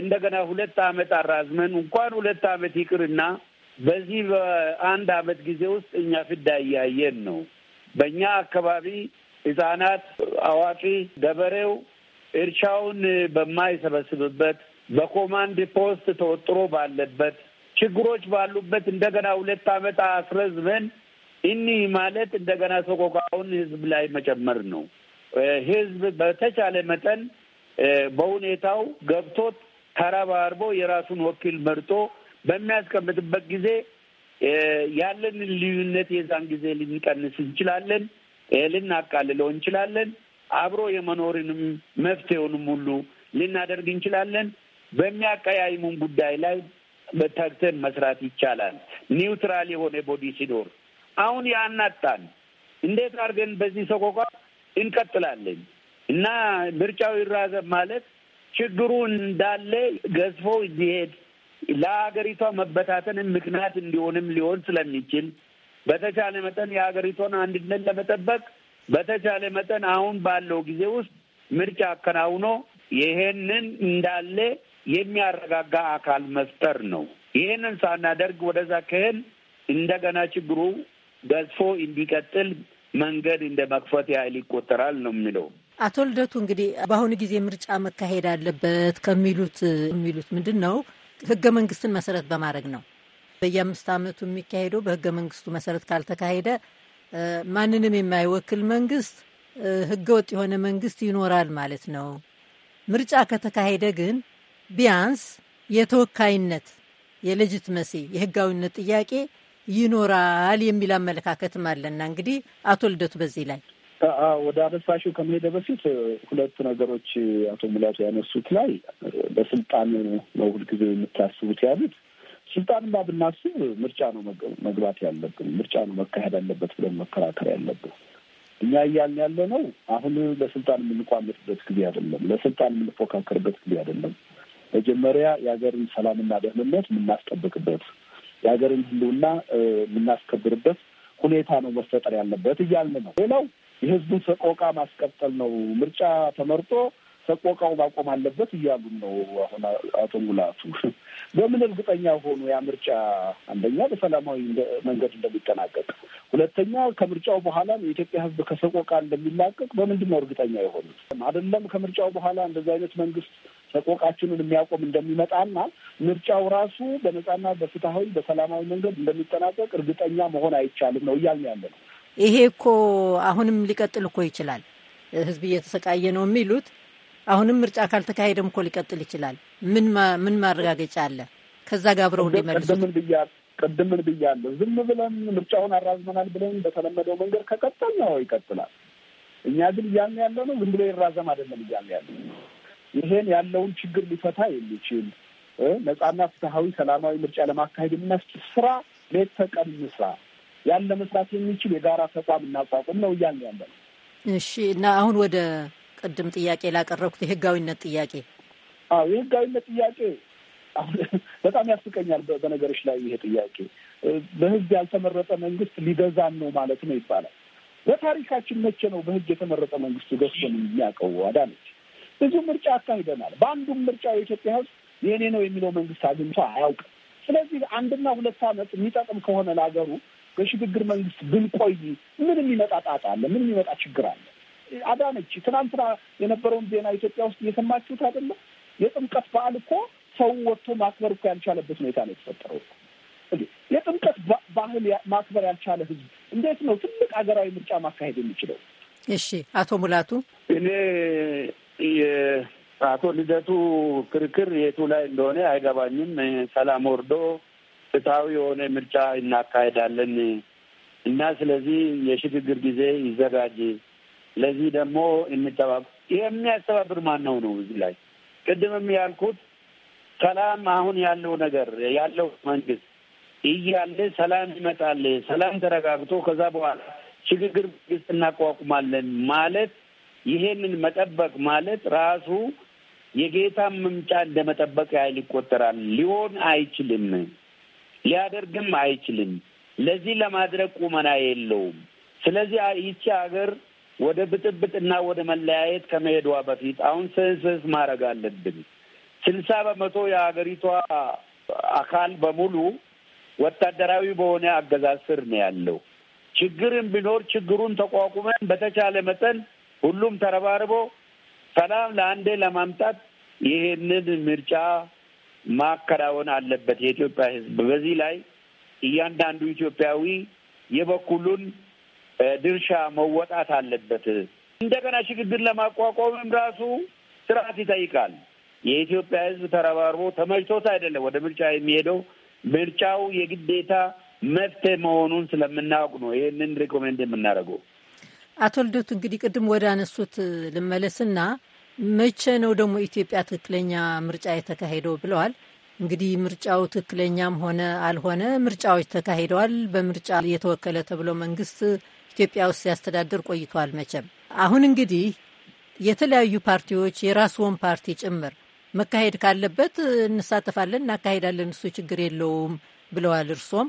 B: እንደገና ሁለት አመት አራዝመን እንኳን ሁለት አመት ይቅርና በዚህ በአንድ አመት ጊዜ ውስጥ እኛ ፍዳ እያየን ነው። በእኛ አካባቢ ህጻናት፣ አዋቂ፣ ገበሬው እርሻውን በማይሰበስብበት በኮማንድ ፖስት ተወጥሮ ባለበት ችግሮች ባሉበት እንደገና ሁለት ዓመት አስረዝመን እኒህ ማለት እንደገና ሰቆቃውን ህዝብ ላይ መጨመር ነው። ህዝብ በተቻለ መጠን በሁኔታው ገብቶት ተረባርቦ የራሱን ወኪል መርጦ በሚያስቀምጥበት ጊዜ ያለንን ልዩነት የዛን ጊዜ ልንቀንስ እንችላለን፣ ልናቃልለው እንችላለን። አብሮ የመኖርንም መፍትሄውንም ሁሉ ልናደርግ እንችላለን። በሚያቀያይሙን ጉዳይ ላይ በታግተን መስራት ይቻላል። ኒውትራል የሆነ ቦዲ ሲኖር አሁን ያናጣን እንዴት አድርገን በዚህ ሰቆቃ እንቀጥላለን? እና ምርጫው ይራዘም ማለት ችግሩ እንዳለ ገዝፎ እንዲሄድ ለሀገሪቷ መበታተንን ምክንያት እንዲሆንም ሊሆን ስለሚችል በተቻለ መጠን የሀገሪቷን አንድነት ለመጠበቅ በተቻለ መጠን አሁን ባለው ጊዜ ውስጥ ምርጫ አከናውኖ ይሄንን እንዳለ የሚያረጋጋ አካል መፍጠር ነው። ይህንን ሳናደርግ ወደዛ ክህል እንደገና ችግሩ ገዝፎ እንዲቀጥል መንገድ እንደ መክፈት ያህል ይቆጠራል ነው የሚለው
D: አቶ ልደቱ። እንግዲህ በአሁኑ ጊዜ ምርጫ መካሄድ አለበት ከሚሉት የሚሉት ምንድን ነው? ህገ መንግስትን መሰረት በማድረግ ነው። በየአምስት አመቱ የሚካሄደው በህገ መንግስቱ መሰረት ካልተካሄደ ማንንም የማይወክል መንግስት፣ ህገ ወጥ የሆነ መንግስት ይኖራል ማለት ነው። ምርጫ ከተካሄደ ግን ቢያንስ የተወካይነት የሌጅትመሲ የህጋዊነት ጥያቄ ይኖራል የሚል አመለካከትም አለና እንግዲህ አቶ ልደቱ በዚህ ላይ
B: ወደ አበሳሹ ከመሄደ በፊት ሁለት ነገሮች አቶ ሙላቱ ያነሱት ላይ በስልጣን ነው ሁልጊዜ የምታስቡት ያሉት ስልጣንማ ብናስብ ምርጫ ነው መግባት ያለብን፣ ምርጫ ነው መካሄድ አለበት ብለን መከራከር ያለብን። እኛ እያልን ያለ ነው አሁን ለስልጣን የምንቋምጥበት ጊዜ አይደለም፣ ለስልጣን የምንፎካከርበት ጊዜ አይደለም። መጀመሪያ የሀገርን ሰላምና ደህንነት የምናስጠብቅበት የሀገርን ህልውና የምናስከብርበት ሁኔታ ነው መፈጠር ያለበት እያልን ነው። ሌላው የህዝቡን ሰቆቃ ማስቀጠል ነው። ምርጫ ተመርጦ ሰቆቃው ማቆም አለበት እያሉን ነው። አሁን አቶ ሙላቱ በምን እርግጠኛ ሆኑ? ያ ምርጫ አንደኛ በሰላማዊ መንገድ እንደሚጠናቀቅ፣ ሁለተኛ ከምርጫው በኋላ የኢትዮጵያ ህዝብ ከሰቆቃ እንደሚላቀቅ በምንድን ነው እርግጠኛ የሆኑት? አይደለም ከምርጫው በኋላ እንደዚህ አይነት መንግስት ሰቆቃችንን የሚያቆም እንደሚመጣና ምርጫው ራሱ በነጻና በፍትሐዊ በሰላማዊ መንገድ እንደሚጠናቀቅ እርግጠኛ መሆን አይቻልም ነው እያልን ያለ ነው።
D: ይሄ እኮ አሁንም ሊቀጥል እኮ ይችላል። ህዝብ እየተሰቃየ ነው የሚሉት አሁንም ምርጫ ካልተካሄደም እኮ ሊቀጥል ይችላል። ምን ምን ማረጋገጫ አለ? ከዛ ጋር አብረው እንዲመልሱት
B: ቅድምን ምን ብያለሁ? ዝም ብለን ምርጫውን አራዝመናል ብለን በተለመደው መንገድ ከቀጠል ነው ይቀጥላል። እኛ ግን እያልን ያለ ነው ዝም ብሎ ይራዘም አይደለም እያልን ያለ ይሄን ያለውን ችግር ሊፈታ የሚችል ነጻና ፍትሀዊ ሰላማዊ ምርጫ ለማካሄድ የሚያስችል ስራ ሌት ተቀን እንስራ፣ ያን ለመስራት የሚችል የጋራ ተቋም እናቋቁም ነው እያልን ያለ ነው። እሺ። እና አሁን
D: ወደ ቅድም ጥያቄ ላቀረብኩት የህጋዊነት ጥያቄ
B: አዎ፣ የህጋዊነት ጥያቄ አሁን በጣም ያስቀኛል። በነገሮች ላይ ይሄ ጥያቄ በህግ ያልተመረጠ መንግስት ሊገዛን ነው ማለት ነው ይባላል። በታሪካችን መቼ ነው በህግ የተመረጠ መንግስት ገዝቶን የሚያውቀው? አዳነች ብዙ ምርጫ አካሂደናል። በአንዱም ምርጫ የኢትዮጵያ ሕዝብ የእኔ ነው የሚለው መንግስት አግኝቶ አያውቅም። ስለዚህ አንድና ሁለት ዓመት የሚጠቅም ከሆነ ለሀገሩ በሽግግር መንግስት ብንቆይ ምን የሚመጣ ጣጣ አለ? ምን የሚመጣ ችግር አለ? አዳነች ትናንትና የነበረውን ዜና ኢትዮጵያ ውስጥ እየሰማችሁት አይደለም? የጥምቀት በዓል እኮ ሰው ወጥቶ ማክበር እኮ ያልቻለበት ሁኔታ ነው የተፈጠረው። የጥምቀት ባህል ማክበር ያልቻለ ህዝብ እንዴት ነው ትልቅ ሀገራዊ ምርጫ ማካሄድ የሚችለው?
D: እሺ አቶ ሙላቱ
B: እኔ አቶ ልደቱ ክርክር የቱ ላይ እንደሆነ አይገባኝም። ሰላም ወርዶ ፍትሐዊ የሆነ ምርጫ እናካሄዳለን እና ስለዚህ የሽግግር ጊዜ ይዘጋጅ፣ ለዚህ ደግሞ እንተባብ የሚያስተባብር ማን ነው ነው እዚህ ላይ ቅድምም ያልኩት ሰላም አሁን ያለው ነገር ያለው መንግስት እያለ ሰላም ይመጣል፣ ሰላም ተረጋግቶ ከዛ በኋላ ሽግግር መንግስት እናቋቁማለን ማለት ይሄንን መጠበቅ ማለት ራሱ የጌታን መምጫ እንደ መጠበቅ ያህል ይቆጠራል። ሊሆን አይችልም፣ ሊያደርግም አይችልም። ለዚህ ለማድረግ ቁመና የለውም። ስለዚህ ይቺ ሀገር ወደ ብጥብጥና ወደ መለያየት ከመሄዷ በፊት አሁን ስንስስ ማድረግ አለብን። ስልሳ በመቶ የሀገሪቷ አካል በሙሉ ወታደራዊ በሆነ አገዛዝ ስር ነው ያለው። ችግርን ቢኖር ችግሩን ተቋቁመን በተቻለ መጠን ሁሉም ተረባርቦ ሰላም ለአንዴ ለማምጣት ይህንን ምርጫ ማከናወን አለበት የኢትዮጵያ ሕዝብ። በዚህ ላይ እያንዳንዱ ኢትዮጵያዊ የበኩሉን ድርሻ መወጣት አለበት። እንደገና ሽግግር ለማቋቋምም ራሱ ስርዓት ይጠይቃል። የኢትዮጵያ ሕዝብ ተረባርቦ ተመችቶት አይደለም ወደ ምርጫ የሚሄደው። ምርጫው የግዴታ መፍትሄ መሆኑን ስለምናውቅ ነው ይህንን ሪኮሜንድ የምናደርገው።
D: አቶ ልደቱ እንግዲህ ቅድም ወደ አነሱት ልመለስና መቼ ነው ደግሞ ኢትዮጵያ ትክክለኛ ምርጫ የተካሄደው ብለዋል። እንግዲህ ምርጫው ትክክለኛም ሆነ አልሆነ ምርጫዎች ተካሂደዋል። በምርጫ የተወከለ ተብሎ መንግስት ኢትዮጵያ ውስጥ ሲያስተዳድር ቆይተዋል። መቼም አሁን እንግዲህ የተለያዩ ፓርቲዎች የራስዎን ፓርቲ ጭምር መካሄድ ካለበት እንሳተፋለን እናካሄዳለን፣ እሱ ችግር የለውም ብለዋል እርሶም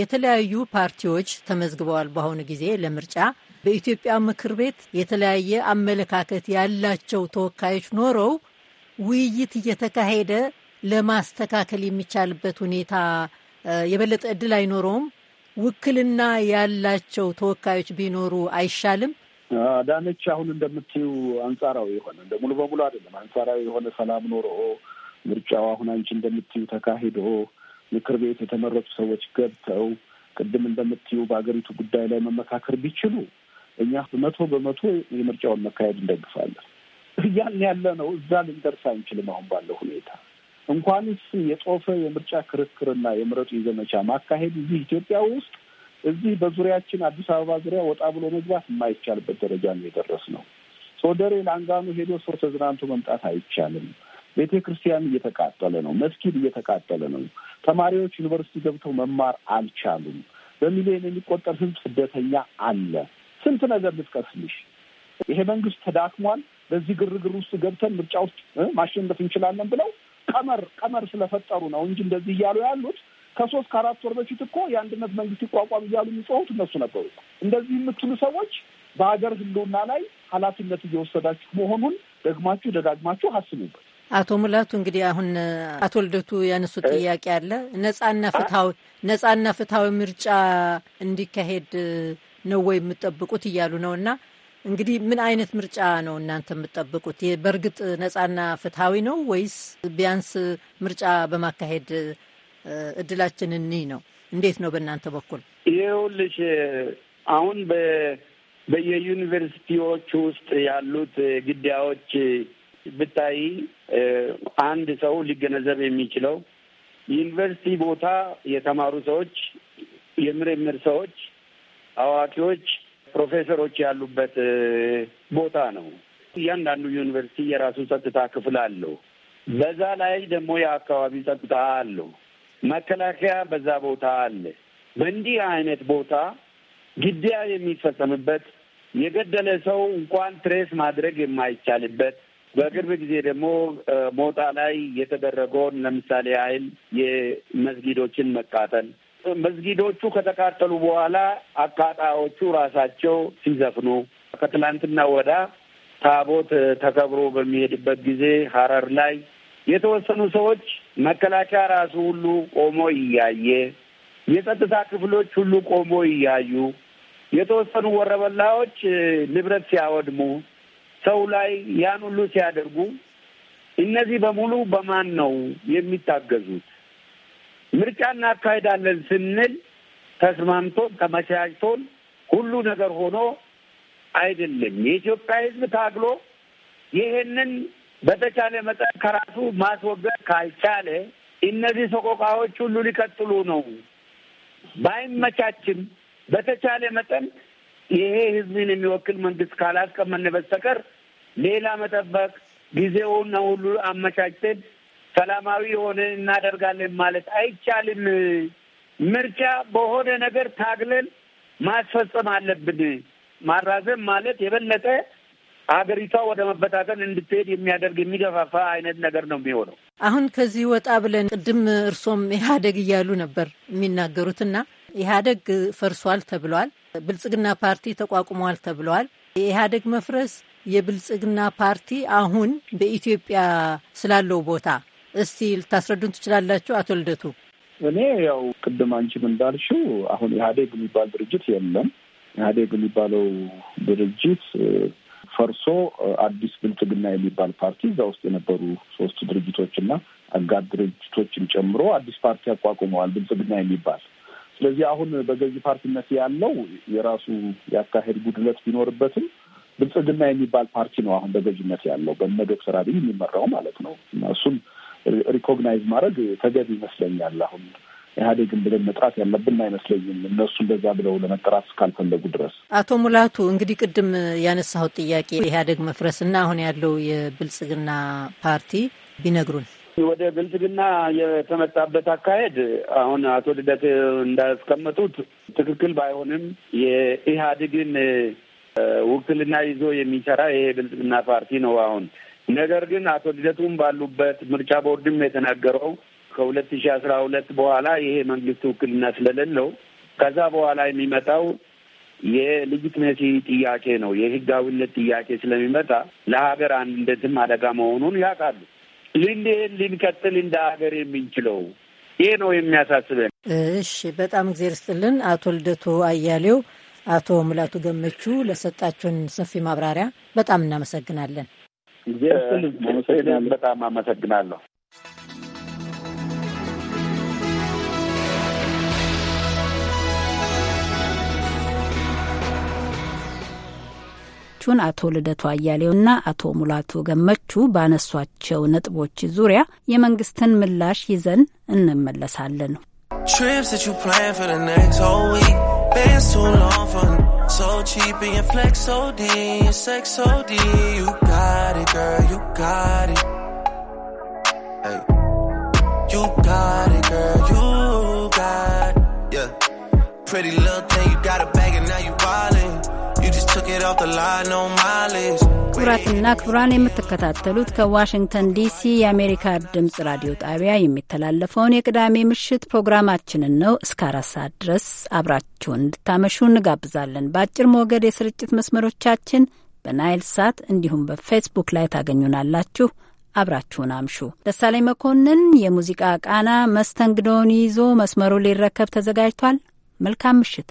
D: የተለያዩ ፓርቲዎች ተመዝግበዋል። በአሁኑ ጊዜ ለምርጫ በኢትዮጵያ ምክር ቤት የተለያየ አመለካከት ያላቸው ተወካዮች ኖረው ውይይት እየተካሄደ ለማስተካከል የሚቻልበት ሁኔታ የበለጠ እድል አይኖረውም? ውክልና ያላቸው ተወካዮች ቢኖሩ አይሻልም?
B: አዳነች፣ አሁን እንደምትዩ አንጻራዊ የሆነ እንደ ሙሉ በሙሉ አይደለም። አንጻራዊ የሆነ ሰላም ኖሮ ምርጫው አሁን አንቺ እንደምትዩ ተካሂዶ ምክር ቤት የተመረጡ ሰዎች ገብተው ቅድም እንደምትዩ በሀገሪቱ ጉዳይ ላይ መመካከር ቢችሉ እኛ መቶ በመቶ የምርጫውን መካሄድ እንደግፋለን። ያን ያለ ነው። እዛ ልንደርስ አንችልም። አሁን ባለው ሁኔታ እንኳንስ የጦፈ የምርጫ ክርክርና የምረጡ ዘመቻ ማካሄድ እዚህ ኢትዮጵያ ውስጥ እዚህ በዙሪያችን አዲስ አበባ ዙሪያ ወጣ ብሎ መግባት የማይቻልበት ደረጃ ነው የደረስ ነው። ሶደሬ ላንጋኖ ሄዶ ሰው ተዝናንቶ መምጣት አይቻልም። ቤተ ክርስቲያን እየተቃጠለ ነው። መስጊድ እየተቃጠለ ነው። ተማሪዎች ዩኒቨርሲቲ ገብተው መማር አልቻሉም። በሚሊዮን የሚቆጠር ህዝብ ስደተኛ አለ። ስንት ነገር ልጥቀስልሽ። ይሄ መንግስት ተዳክሟል። በዚህ ግርግር ውስጥ ገብተን ምርጫ ውስጥ ማሸነፍ እንችላለን ብለው ቀመር ቀመር ስለፈጠሩ ነው እንጂ እንደዚህ እያሉ ያሉት ከሶስት ከአራት ወር በፊት እኮ የአንድነት መንግስት ይቋቋም እያሉ የሚጽሁት እነሱ ነበሩ። እንደዚህ የምትሉ ሰዎች በሀገር ህልውና ላይ ኃላፊነት እየወሰዳችሁ መሆኑን ደግማችሁ ደጋግማችሁ አስቡበት።
D: አቶ ሙላቱ እንግዲህ አሁን አቶ ልደቱ ያነሱት ጥያቄ አለ። ነጻና ፍትሐዊ ነጻና ፍትሐዊ ምርጫ እንዲካሄድ ነው ወይ የምጠብቁት እያሉ ነው። እና እንግዲህ ምን አይነት ምርጫ ነው እናንተ የምጠብቁት? በእርግጥ ነጻና ፍትሐዊ ነው ወይስ ቢያንስ ምርጫ በማካሄድ እድላችን እኒህ ነው? እንዴት ነው በእናንተ በኩል?
B: ይኸውልሽ አሁን በየዩኒቨርሲቲዎች ውስጥ ያሉት ግዳዮች ብታይ አንድ ሰው ሊገነዘብ የሚችለው ዩኒቨርሲቲ ቦታ የተማሩ ሰዎች፣ የምርምር ሰዎች፣ አዋቂዎች፣ ፕሮፌሰሮች ያሉበት ቦታ ነው። እያንዳንዱ ዩኒቨርሲቲ የራሱ ጸጥታ ክፍል አለው። በዛ ላይ ደግሞ የአካባቢ ጸጥታ አለው። መከላከያ በዛ ቦታ አለ። በእንዲህ አይነት ቦታ ግድያ የሚፈጸምበት የገደለ ሰው እንኳን ትሬስ ማድረግ የማይቻልበት በቅርብ ጊዜ ደግሞ ሞጣ ላይ የተደረገውን ለምሳሌ ያህል የመስጊዶችን መቃጠል መስጊዶቹ ከተቃጠሉ በኋላ አቃጣዎቹ ራሳቸው ሲዘፍኑ ከትላንትና ወዳ ታቦት ተከብሮ በሚሄድበት ጊዜ ሀረር ላይ የተወሰኑ ሰዎች መከላከያ ራሱ ሁሉ ቆሞ እያየ የጸጥታ ክፍሎች ሁሉ ቆሞ እያዩ የተወሰኑ ወረበላዎች ንብረት ሲያወድሙ ሰው ላይ ያን ሁሉ ሲያደርጉ እነዚህ በሙሉ በማን ነው የሚታገዙት? ምርጫ እናካሄዳለን ስንል ተስማምቶን ተመቻችቶን ሁሉ ነገር ሆኖ አይደለም። የኢትዮጵያ ሕዝብ ታግሎ ይህንን በተቻለ መጠን ከራሱ ማስወገድ ካልቻለ እነዚህ ሰቆቃዎች ሁሉ ሊቀጥሉ ነው። ባይመቻችም በተቻለ መጠን ይሄ ህዝብን የሚወክል መንግስት ካላስቀመን በስተቀር ሌላ መጠበቅ ጊዜውን ሁሉ አመቻችተን ሰላማዊ የሆነ እናደርጋለን ማለት አይቻልም። ምርጫ በሆነ ነገር ታግለን ማስፈጸም አለብን። ማራዘም ማለት የበለጠ ሀገሪቷ ወደ መበታተን እንድትሄድ የሚያደርግ የሚገፋፋ አይነት ነገር ነው የሚሆነው። አሁን ከዚህ
D: ወጣ ብለን ቅድም እርሶም ኢህአደግ እያሉ ነበር የሚናገሩትና ኢህአደግ ፈርሷል ተብሏል። ብልጽግና ፓርቲ ተቋቁሟል ተብሏል። የኢህአዴግ መፍረስ የብልጽግና ፓርቲ አሁን በኢትዮጵያ ስላለው ቦታ እስቲ ልታስረዱን ትችላላችሁ? አቶ ልደቱ።
B: እኔ ያው ቅድም አንቺም እንዳልሽው አሁን ኢህአዴግ የሚባል ድርጅት የለም። ኢህአዴግ የሚባለው ድርጅት ፈርሶ አዲስ ብልጽግና የሚባል ፓርቲ እዛ ውስጥ የነበሩ ሶስት ድርጅቶችና አጋር ድርጅቶችን ጨምሮ አዲስ ፓርቲ አቋቁመዋል ብልጽግና የሚባል ስለዚህ አሁን በገዢ ፓርቲነት ያለው የራሱ ያካሄድ ጉድለት ቢኖርበትም ብልጽግና የሚባል ፓርቲ ነው አሁን በገዥነት ያለው በነ ዶክተር አብይ የሚመራው ማለት ነው። እሱም ሪኮግናይዝ ማድረግ ተገቢ ይመስለኛል። አሁን ኢህአዴግን ብለን መጥራት ያለብን አይመስለኝም፣ እነሱ እንደዛ ብለው ለመጠራት እስካልፈለጉ ድረስ።
D: አቶ ሙላቱ እንግዲህ ቅድም ያነሳሁት ጥያቄ ኢህአዴግ መፍረስ እና አሁን ያለው የብልጽግና ፓርቲ ቢነግሩን
B: ወደ ብልጽግና የተመጣበት አካሄድ አሁን አቶ ልደት እንዳስቀመጡት ትክክል ባይሆንም የኢህአዴግን ውክልና ይዞ የሚሰራ ይሄ ብልጽግና ፓርቲ ነው አሁን። ነገር ግን አቶ ልደቱም ባሉበት ምርጫ ቦርድም የተናገረው ከሁለት ሺ አስራ ሁለት በኋላ ይሄ መንግስት ውክልና ስለሌለው ከዛ በኋላ የሚመጣው የልጅትነሲ ጥያቄ ነው የህጋዊነት ጥያቄ ስለሚመጣ ለሀገር አንድነትም አደጋ መሆኑን ያውቃሉ። ልንሄድ ልንቀጥል እንደ ሀገር የምንችለው ይሄ ነው የሚያሳስበን።
D: እሺ፣ በጣም እግዜር ስጥልን አቶ ልደቱ አያሌው፣ አቶ ሙላቱ ገመቹ ለሰጣችሁን ሰፊ ማብራሪያ በጣም እናመሰግናለን።
B: እግዜር በጣም አመሰግናለሁ።
A: እንግዶቻችሁን አቶ ልደቱ አያሌውና አቶ ሙላቱ ገመቹ ባነሷቸው ነጥቦች ዙሪያ የመንግስትን ምላሽ ይዘን እንመለሳለን።
E: You got it, girl, you got it. Yeah. Pretty little thing, you got a ክቡራትና
A: ክቡራን የምትከታተሉት ከዋሽንግተን ዲሲ የአሜሪካ ድምፅ ራዲዮ ጣቢያ የሚተላለፈውን የቅዳሜ ምሽት ፕሮግራማችንን ነው። እስከ አራት ሰዓት ድረስ አብራችሁን እንድታመሹ እንጋብዛለን። በአጭር ሞገድ የስርጭት መስመሮቻችን በናይል ሳት እንዲሁም በፌስቡክ ላይ ታገኙናላችሁ። አብራችሁን አምሹ። ደሳለኝ መኮንን የሙዚቃ ቃና መስተንግዶውን ይዞ መስመሩ ሊረከብ ተዘጋጅቷል። መልካም ምሽት።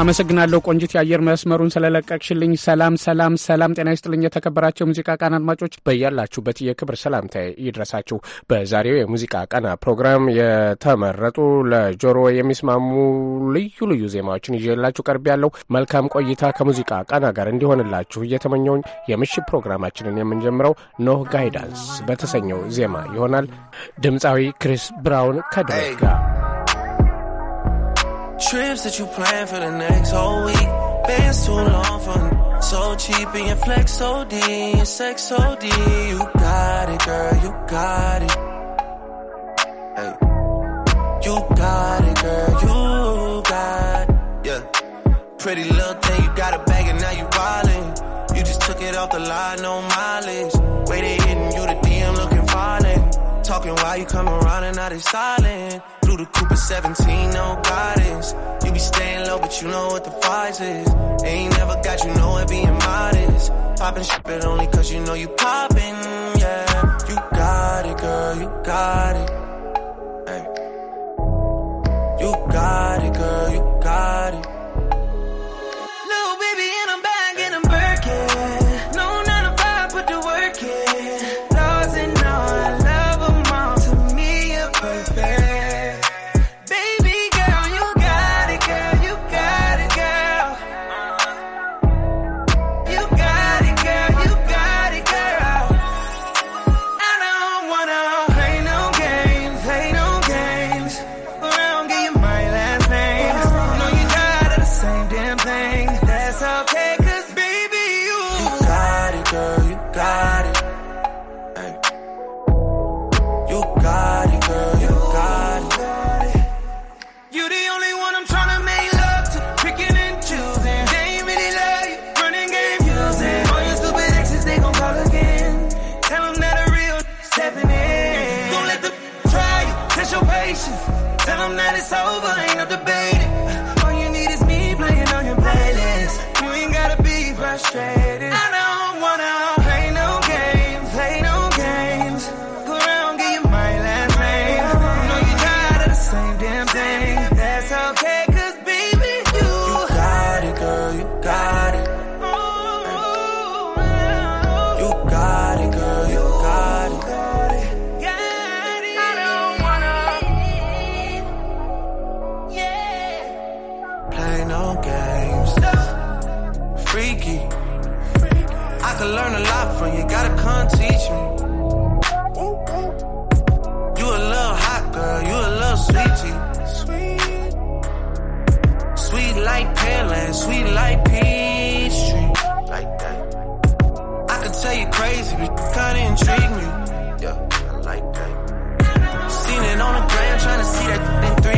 F: አመሰግናለሁ ቆንጂት፣ የአየር መስመሩን ስለለቀቅሽልኝ። ሰላም ሰላም ሰላም፣ ጤና ይስጥልኝ። የተከበራቸው የሙዚቃ ቃና አድማጮች በያላችሁበት የክብር ሰላምታ ይድረሳችሁ። በዛሬው የሙዚቃ ቃና ፕሮግራም የተመረጡ ለጆሮ የሚስማሙ ልዩ ልዩ ዜማዎችን ይዤላችሁ ያለው መልካም ቆይታ ከሙዚቃ ቃና ጋር እንዲሆንላችሁ እየተመኘውኝ የምሽት ፕሮግራማችንን የምንጀምረው ኖህ ጋይዳንስ በተሰኘው ዜማ ይሆናል። ድምፃዊ ክሪስ ብራውን ከድሬክ ጋር Trips
E: that you plan for the next whole week. Bands too long for so cheap and your flex OD, your sex OD. You got it, girl, you got it. Hey, you got it, girl, you got it. Yeah, pretty little thing, you got a bag and now you wildin'. You just took it off the line, no mileage talking while you come around and now they silent. Blue the Cooper 17, no guidance. You be staying low, but you know what the price is. Ain't never got you know it being modest. Poppin' shit, but only cause you know you poppin', yeah. You got it, girl, you got it. Hey. You got it, girl, you got it. no games. Freaky. I could learn a lot from you, gotta come teach me. You a little hot girl, you a little sweetie. Sweet like Pearland, sweet like peach tree. Like that. I could tell you crazy, but you kinda intrigue me. Yeah, I like that. Seen it on the gram, trying to see that in three.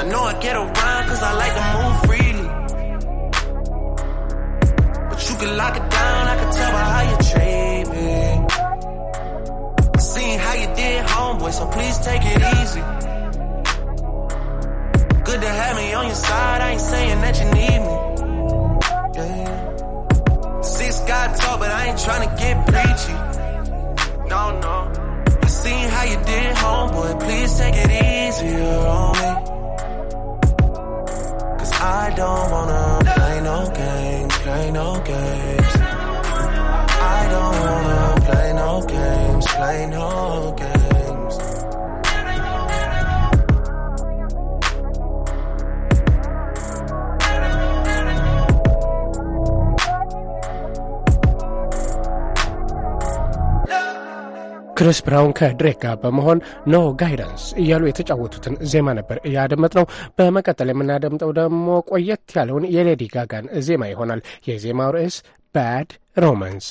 E: I know I get around cause I like to move freely. But you can lock it down, I can tell by how you treat me. Seeing how you did, homeboy, so please take it easy. Good to have me on your side, I ain't saying that you need me. Yeah. Six God talk, but I ain't trying to get preachy. No, no. I seen how you did, homeboy, please take it easier on me. I don't wanna play no games, play no games. I don't wanna play no games, play no games.
F: ክሪስ ብራውን ከድሬክ ጋር በመሆን ኖ ጋይዳንስ እያሉ የተጫወቱትን ዜማ ነበር ነው በመቀጠል የምናደምጠው ደግሞ ቆየት ያለውን የሌዲ ጋጋን ዜማ ይሆናል። የዜማው ርዕስ ባድ ሮማንስ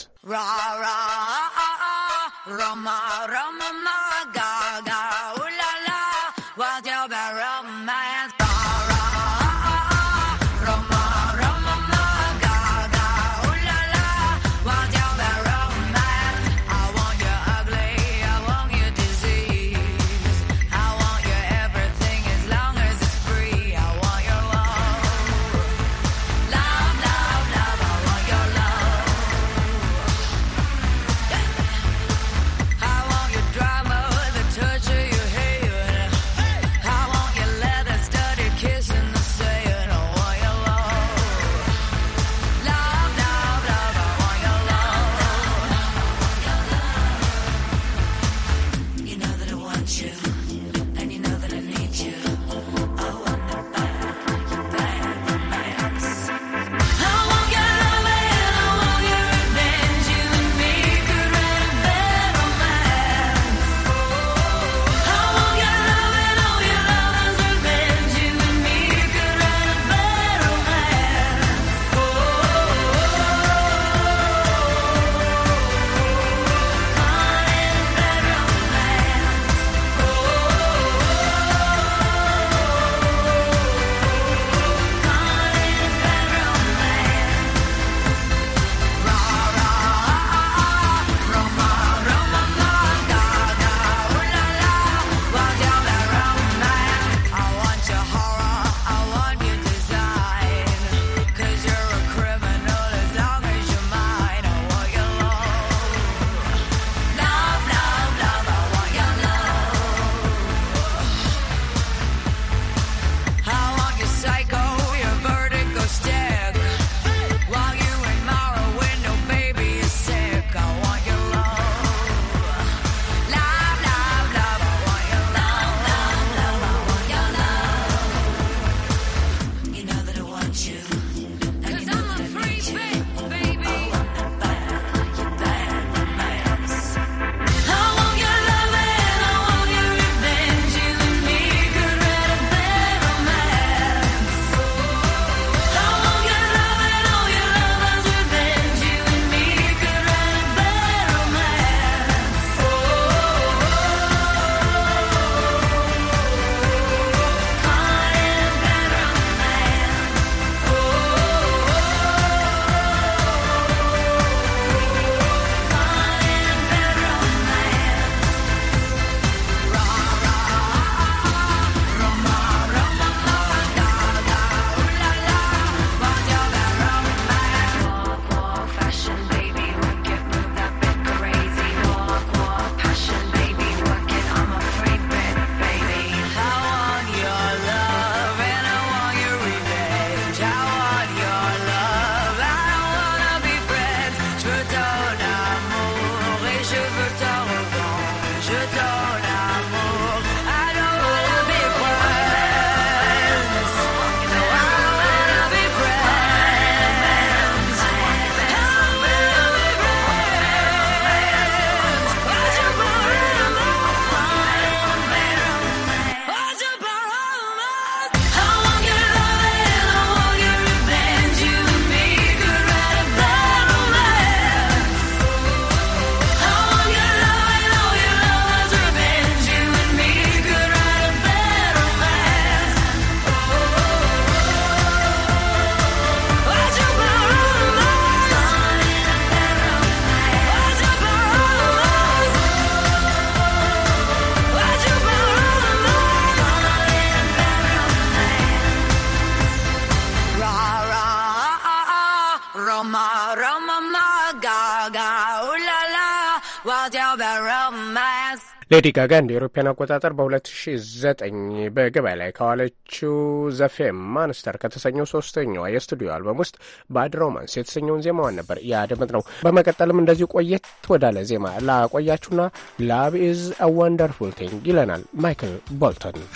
F: ሌዲ ጋጋ እንደ ኤሮፓያን አቆጣጠር በ2009 በገበያ ላይ ከዋለችው ዘፌ ማንስተር ከተሰኘው ሶስተኛዋ የስቱዲዮ አልበም ውስጥ ባድ ሮማንስ የተሰኘውን ዜማዋን ነበር ያደመጥ ነው። በመቀጠልም እንደዚሁ ቆየት ወዳለ ዜማ ላቆያችሁና ላቭ ኢዝ አ ቲንግ ይለናል ማይክል ቦልተን።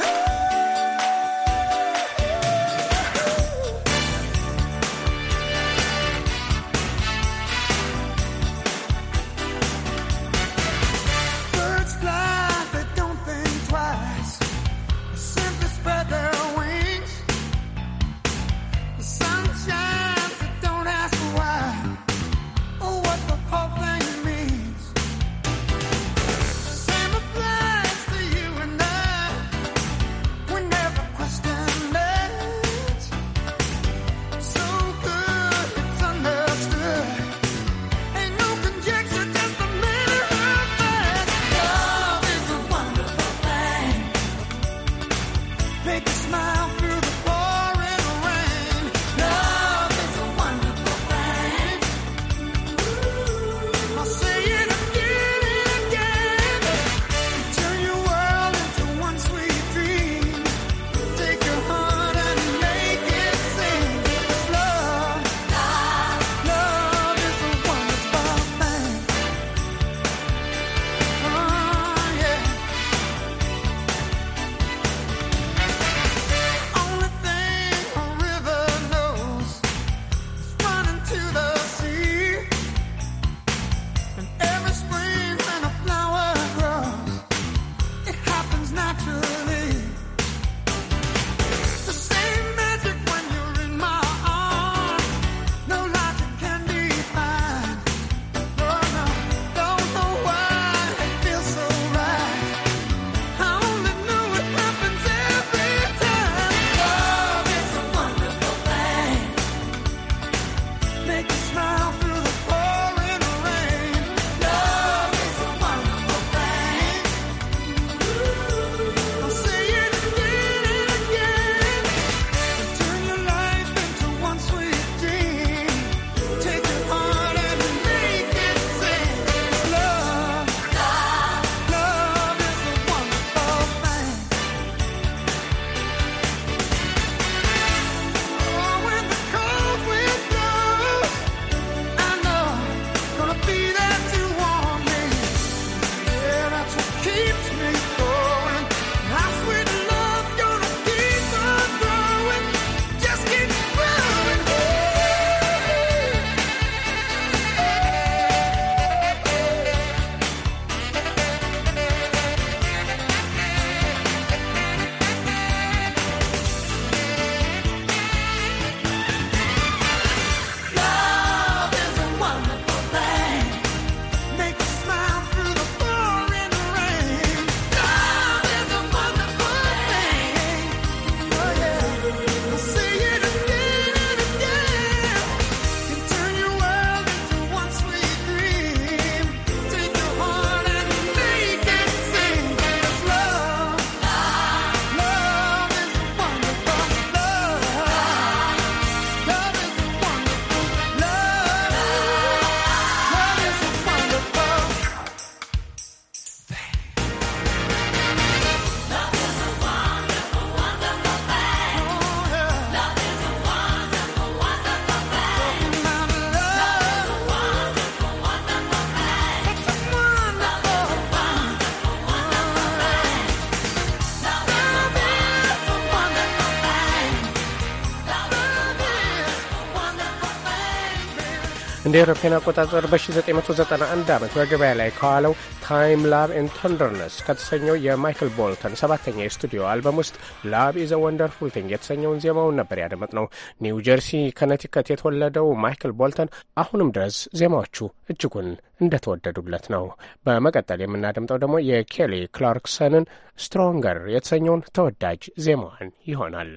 F: እንደ ኤሮፓን አቆጣጠር በ1991 ዓመት በገበያ ላይ ከዋለው ታይም ላቭ ኤን ተንደርነስ ከተሰኘው የማይክል ቦልተን ሰባተኛ የስቱዲዮ አልበም ውስጥ ላቭ ኢዘ ወንደርፉል ቲንግ የተሰኘውን ዜማውን ነበር ያደመጥ ነው። ኒው ጀርሲ ከነቲከት የተወለደው ማይክል ቦልተን አሁንም ድረስ ዜማዎቹ እጅጉን እንደተወደዱለት ነው። በመቀጠል የምናደምጠው ደግሞ የኬሊ ክላርክሰንን ስትሮንገር የተሰኘውን ተወዳጅ ዜማዋን ይሆናል።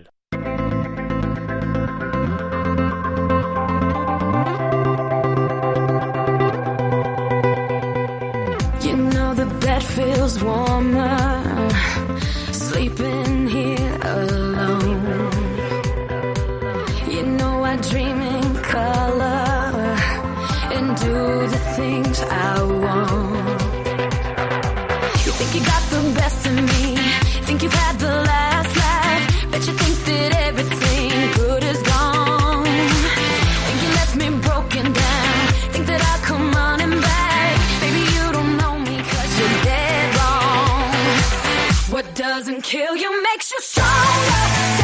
G: feels warmer sleeping here alone. You know I dream in color and do the things I want. doesn't kill you makes you stronger.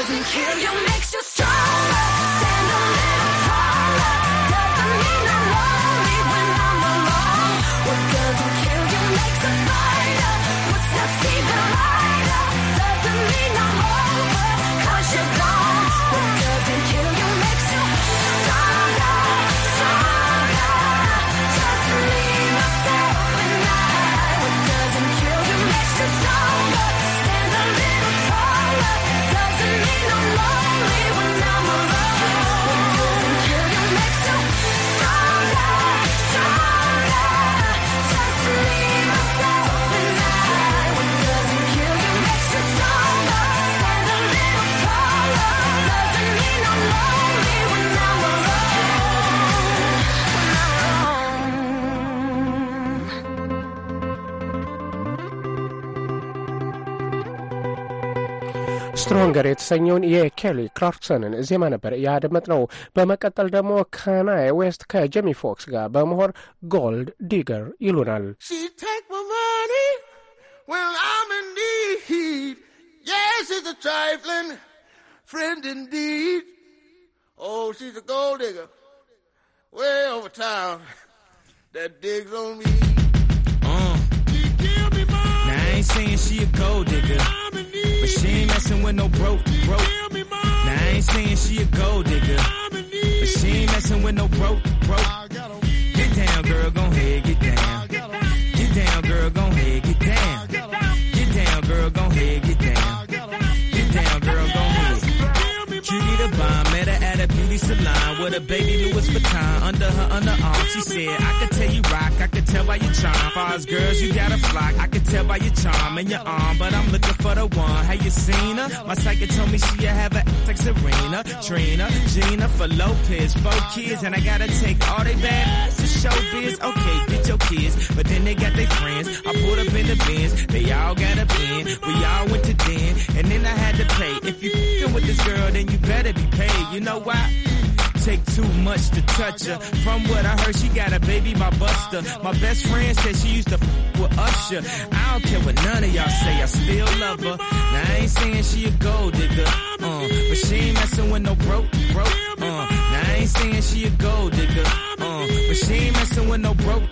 G: doesn't kill you, makes you
F: ስትሮንገር የተሰኘውን የኬሊ ክላርክሰንን ዜማ ነበር ያደመጥነው። በመቀጠል ደግሞ ካናይ ዌስት ከጀሚ ፎክስ ጋር በመሆን ጎልድ ዲገር ይሉናል።
H: Now I ain't saying she a gold digger messing with no broke, broke. Now I ain't saying she a gold digger, but she ain't messing with no broke, broke. Get down, girl, gon' head, with a baby Louis Vuitton under her underarm. She said, I could tell you rock, I could tell by your charm. Fars girls, you got a flock, I could tell by your charm and your arm. But I'm looking for the one. Have you seen her? My psychic told me she have a like Serena, Trina, Gina for Lopez, four kids, and I gotta take all they bad to show biz. Okay, get your kids, but then they got their friends. I pulled up in the bins, they all got a bin. We all went to den, and then I had to pay. If you with this girl, then you better be paid. You know why? take too much to touch her. From what I heard, she got a baby by Buster. My best friend said she used to f with Usher. I don't care what none of y'all say, I still love her. Now I ain't saying she a gold digger, uh, but she ain't messing with no broke, broke, uh. Now I ain't saying she a gold digger, uh, but she ain't messing with no broke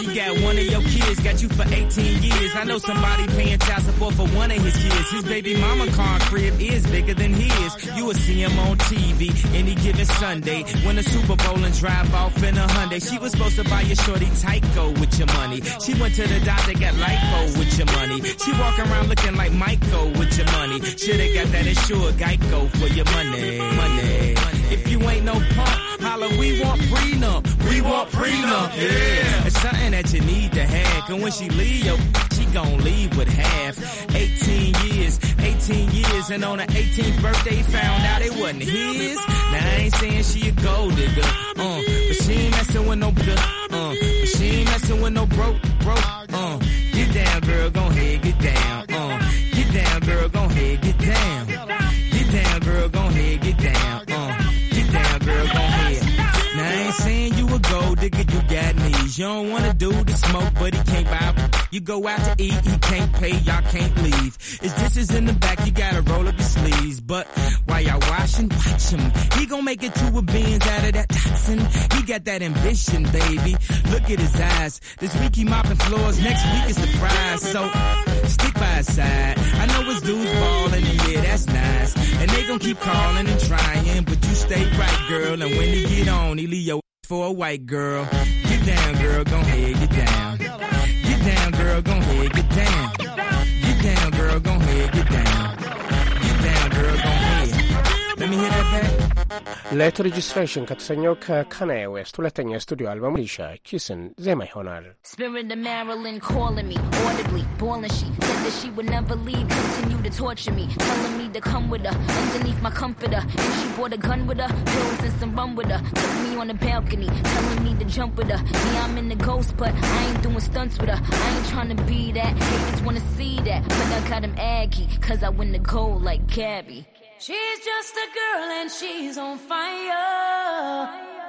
H: She got one of your kids, got you for 18 years. I know somebody paying child support for one of his kids. His baby mama car crib is bigger than his. You will see him on TV any given Sunday. Win a Super Bowl and drive off in a Hyundai. She was supposed to buy your shorty Tyco with your money. She went to the doctor, got Lyco with your money. She walk around looking like Michael with your money. Should've got that insured Geico for your money. Money. money. If you ain't no punk, holla, we want prenup. We want prenup, yeah. It's something that you need to have. And when she leave, yo, she gon' leave with half. 18 years, 18 years, and on her 18th birthday, found out it wasn't his. Now I ain't saying she a gold digger, uh, but she ain't messing with no, uh, but she ain't messing with no broke, broke You go out to eat, he can't pay, y'all can't leave. His dishes in the back, you gotta roll up your sleeves. But while y'all washing, watch him. He gon' make it to a beans out of that toxin. He got that ambition, baby. Look at his eyes. This week he mopping floors, next week is the prize. So stick by his side. I know his dudes ballin', and yeah, that's nice. And they gon' keep calling and trying, but you stay right, girl. And when he get on, he leave your for a white girl. Get down, girl, go ahead, get down down, girl, go ahead, get down. Get down, girl, go ahead, get down. Get down, girl,
F: go ahead. Let me hear that back. ለት ሬጅስትሬሽን ከተሰኘው ከካናየ ዌስት ሁለተኛ የስቱዲዮ album. ሊሻ ኪስን ዜማ ይሆናል።
G: Spirit of Maryland calling me audibly, bawling. She said that she would never leave, continue to torture me,
H: telling me to come with her underneath my comforter. And she brought a gun with her, pills and some rum with her. Took me on the balcony, telling me to jump with her. Me, I'm in the ghost, but I ain't doing stunts with
G: her. I ain't trying to be that. They just wanna see that, but I got them aggy, cause I win the gold like Gabby. She's just a girl and she's on fire.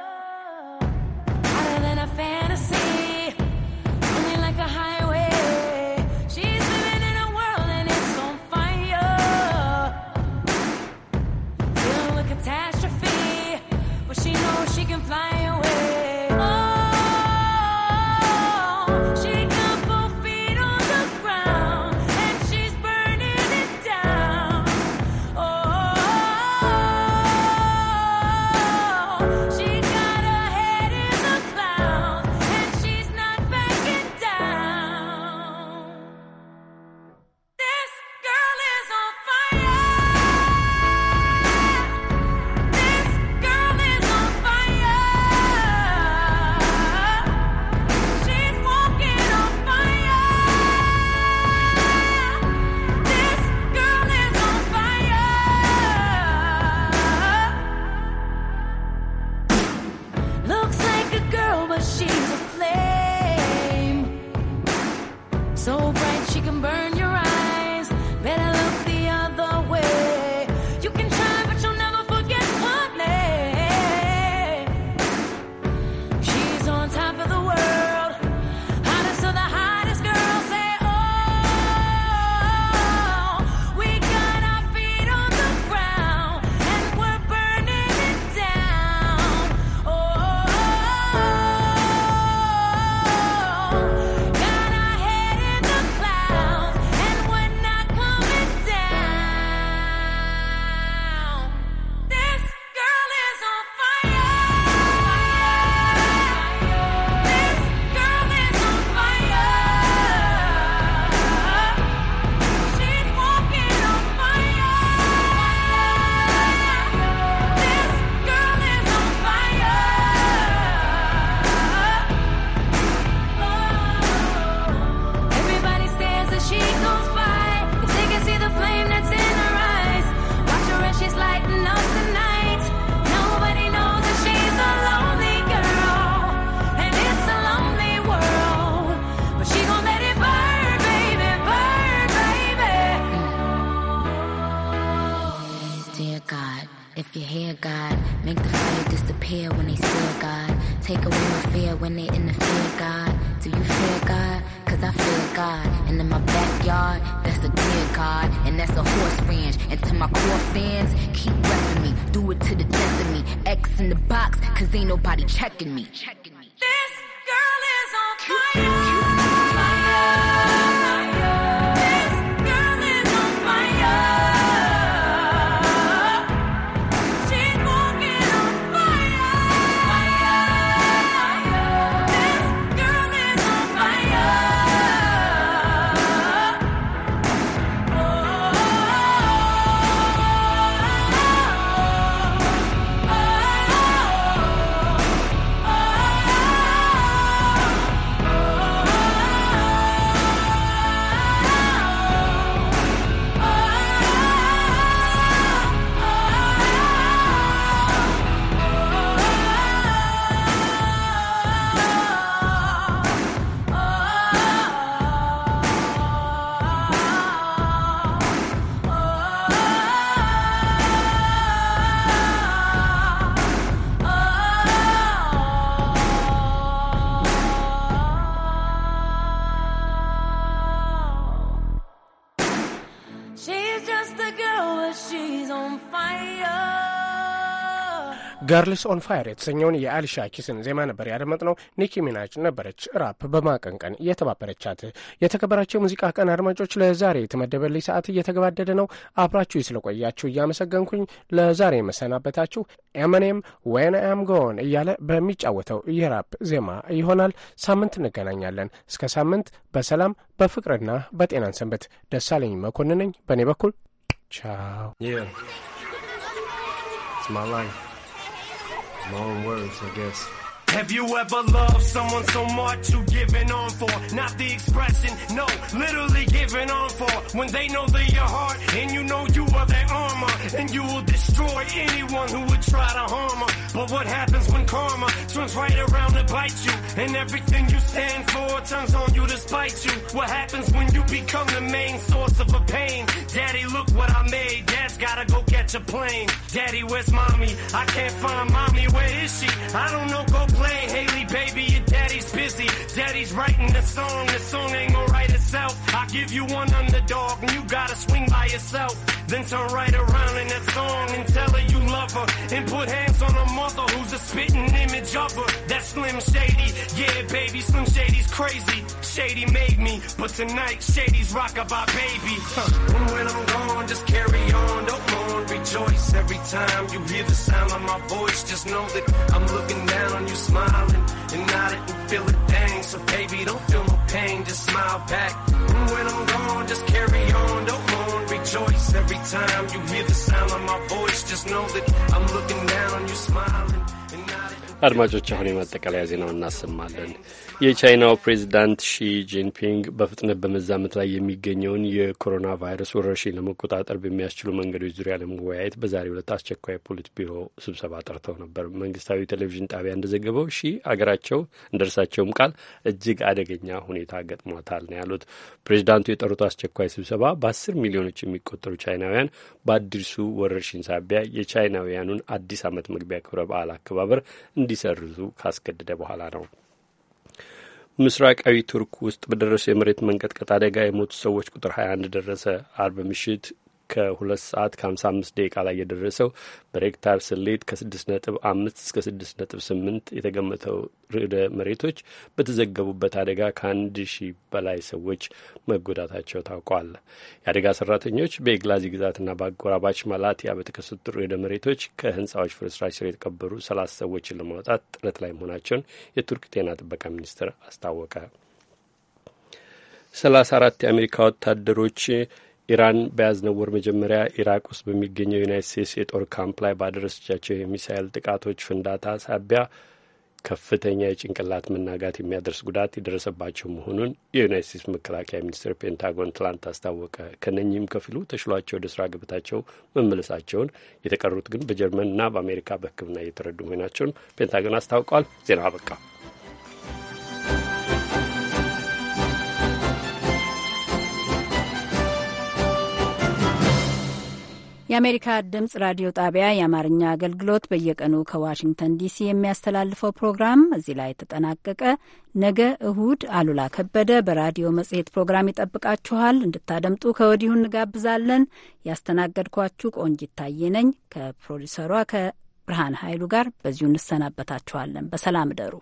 H: hardcore fans keep repping me. Do it to the death of me. X in the box, cause ain't nobody checking me.
F: ገርልስ ኦን ፋየር የተሰኘውን የአሊሻ ኪስን ዜማ ነበር ያደመጥነው። ኒኪ ሚናጅ ነበረች ራፕ በማቀንቀን እየተባበረቻት የተከበራቸው የሙዚቃ ቀን አድማጮች፣ ለዛሬ የተመደበልኝ ሰዓት እየተገባደደ ነው። አብራችሁ ስለቆያችሁ እያመሰገንኩኝ ለዛሬ መሰናበታችሁ ኤምኔም ዌን አም ጎን እያለ በሚጫወተው የራፕ ዜማ ይሆናል። ሳምንት እንገናኛለን። እስከ ሳምንት በሰላም በፍቅርና በጤናን ሰንበት። ደሳለኝ መኮንን ነኝ። በእኔ በኩል ቻው።
I: It's my life. Long words, I guess. Have you ever loved someone so much you giving on for? Not the expression, no, literally giving on for. When they know that your heart and you know you are their armor and you will destroy anyone who would try to harm her. But what happens when karma turns right around to bite you and everything you stand for turns on you to spite you? What happens when you become the main source of a pain? Daddy, look what I made. Dad's gotta go catch a plane. Daddy, where's mommy? I can't find mommy. Where is she? I don't know. Go playing Haley, baby, your daddy's busy. Daddy's writing the song, the song ain't gonna write itself. I give you one underdog and you gotta swing by yourself. Then turn right around in that song and tell her you love her. And put hands on her mother who's a spitting image of her. That Slim Shady, yeah, baby, Slim Shady's crazy. Shady made me, but tonight Shady's by baby. Huh. And when I'm gone, just carry on, don't mourn, rejoice. Every time you hear the sound of my voice, just know that I'm looking down on you smiling and nodded and feel
C: a thing. So baby, don't feel no pain, just smile back. And when I'm gone, just carry on, don't mourn, rejoice. Every time you hear the sound of my voice, just know that I'm looking down, you smiling. አድማጮች አሁን የማጠቃለያ ዜናው እናሰማለን። የቻይናው ፕሬዚዳንት ሺ ጂንፒንግ በፍጥነት በመዛመት ላይ የሚገኘውን የኮሮና ቫይረስ ወረርሽኝ ለመቆጣጠር በሚያስችሉ መንገዶች ዙሪያ ለመወያየት በዛሬው ዕለት አስቸኳይ ፖሊት ቢሮ ስብሰባ ጠርተው ነበር። መንግስታዊ ቴሌቪዥን ጣቢያ እንደዘገበው ሺ አገራቸው እንደ እርሳቸውም ቃል እጅግ አደገኛ ሁኔታ ገጥሟታል ነው ያሉት። ፕሬዚዳንቱ የጠሩት አስቸኳይ ስብሰባ በአስር ሚሊዮኖች የሚቆጠሩ ቻይናውያን በአዲሱ ወረርሽኝ ሳቢያ የቻይናውያኑን አዲስ ዓመት መግቢያ ክብረ በዓል አከባበር እንዲሰርዙ ካስገደደ በኋላ ነው። ምስራቃዊ ቱርክ ውስጥ በደረሰው የመሬት መንቀጥቀጥ አደጋ የሞቱ ሰዎች ቁጥር 21 ደረሰ። አርብ ምሽት ከ2 ሰዓት ከ55 ደቂቃ ላይ የደረሰው በሬክታር ስሌት ከ6 5 እስከ 68 ነጥብ 8 የተገመተው ርዕደ መሬቶች በተዘገቡበት አደጋ ከ1 ሺህ በላይ ሰዎች መጎዳታቸው ታውቀዋል። የአደጋ ሰራተኞች በኤግላዚ ግዛትና በአጎራባች ማላቲያ በተከሰቱ ርዕደ መሬቶች ከህንፃዎች ፍርስራሽ ስር የተቀበሩ 30 ሰዎችን ለማውጣት ጥረት ላይ መሆናቸውን የቱርክ ጤና ጥበቃ ሚኒስትር አስታወቀ። ሰላሳ አራት የአሜሪካ ወታደሮች ኢራን በያዝነው ወር መጀመሪያ ኢራቅ ውስጥ በሚገኘው የዩናይት ስቴትስ የጦር ካምፕ ላይ ባደረሰቻቸው የሚሳኤል ጥቃቶች ፍንዳታ ሳቢያ ከፍተኛ የጭንቅላት መናጋት የሚያደርስ ጉዳት የደረሰባቸው መሆኑን የዩናይት ስቴትስ መከላከያ ሚኒስትር ፔንታጎን ትላንት አስታወቀ። ከነኚህም ከፊሉ ተሽሏቸው ወደ ስራ ገበታቸው መመለሳቸውን፣ የተቀሩት ግን በጀርመንና በአሜሪካ በሕክምና እየተረዱ መሆናቸውን ፔንታጎን አስታውቋል። ዜና አበቃ።
A: የአሜሪካ ድምፅ ራዲዮ ጣቢያ የአማርኛ አገልግሎት በየቀኑ ከዋሽንግተን ዲሲ የሚያስተላልፈው ፕሮግራም እዚህ ላይ ተጠናቀቀ። ነገ እሁድ አሉላ ከበደ በራዲዮ መጽሔት ፕሮግራም ይጠብቃችኋል። እንድታደምጡ ከወዲሁ እንጋብዛለን። ያስተናገድኳችሁ ቆንጂት ታዬ ነኝ ከፕሮዲሰሯ ከብርሃን ኃይሉ ጋር በዚሁ እንሰናበታችኋለን። በሰላም እደሩ።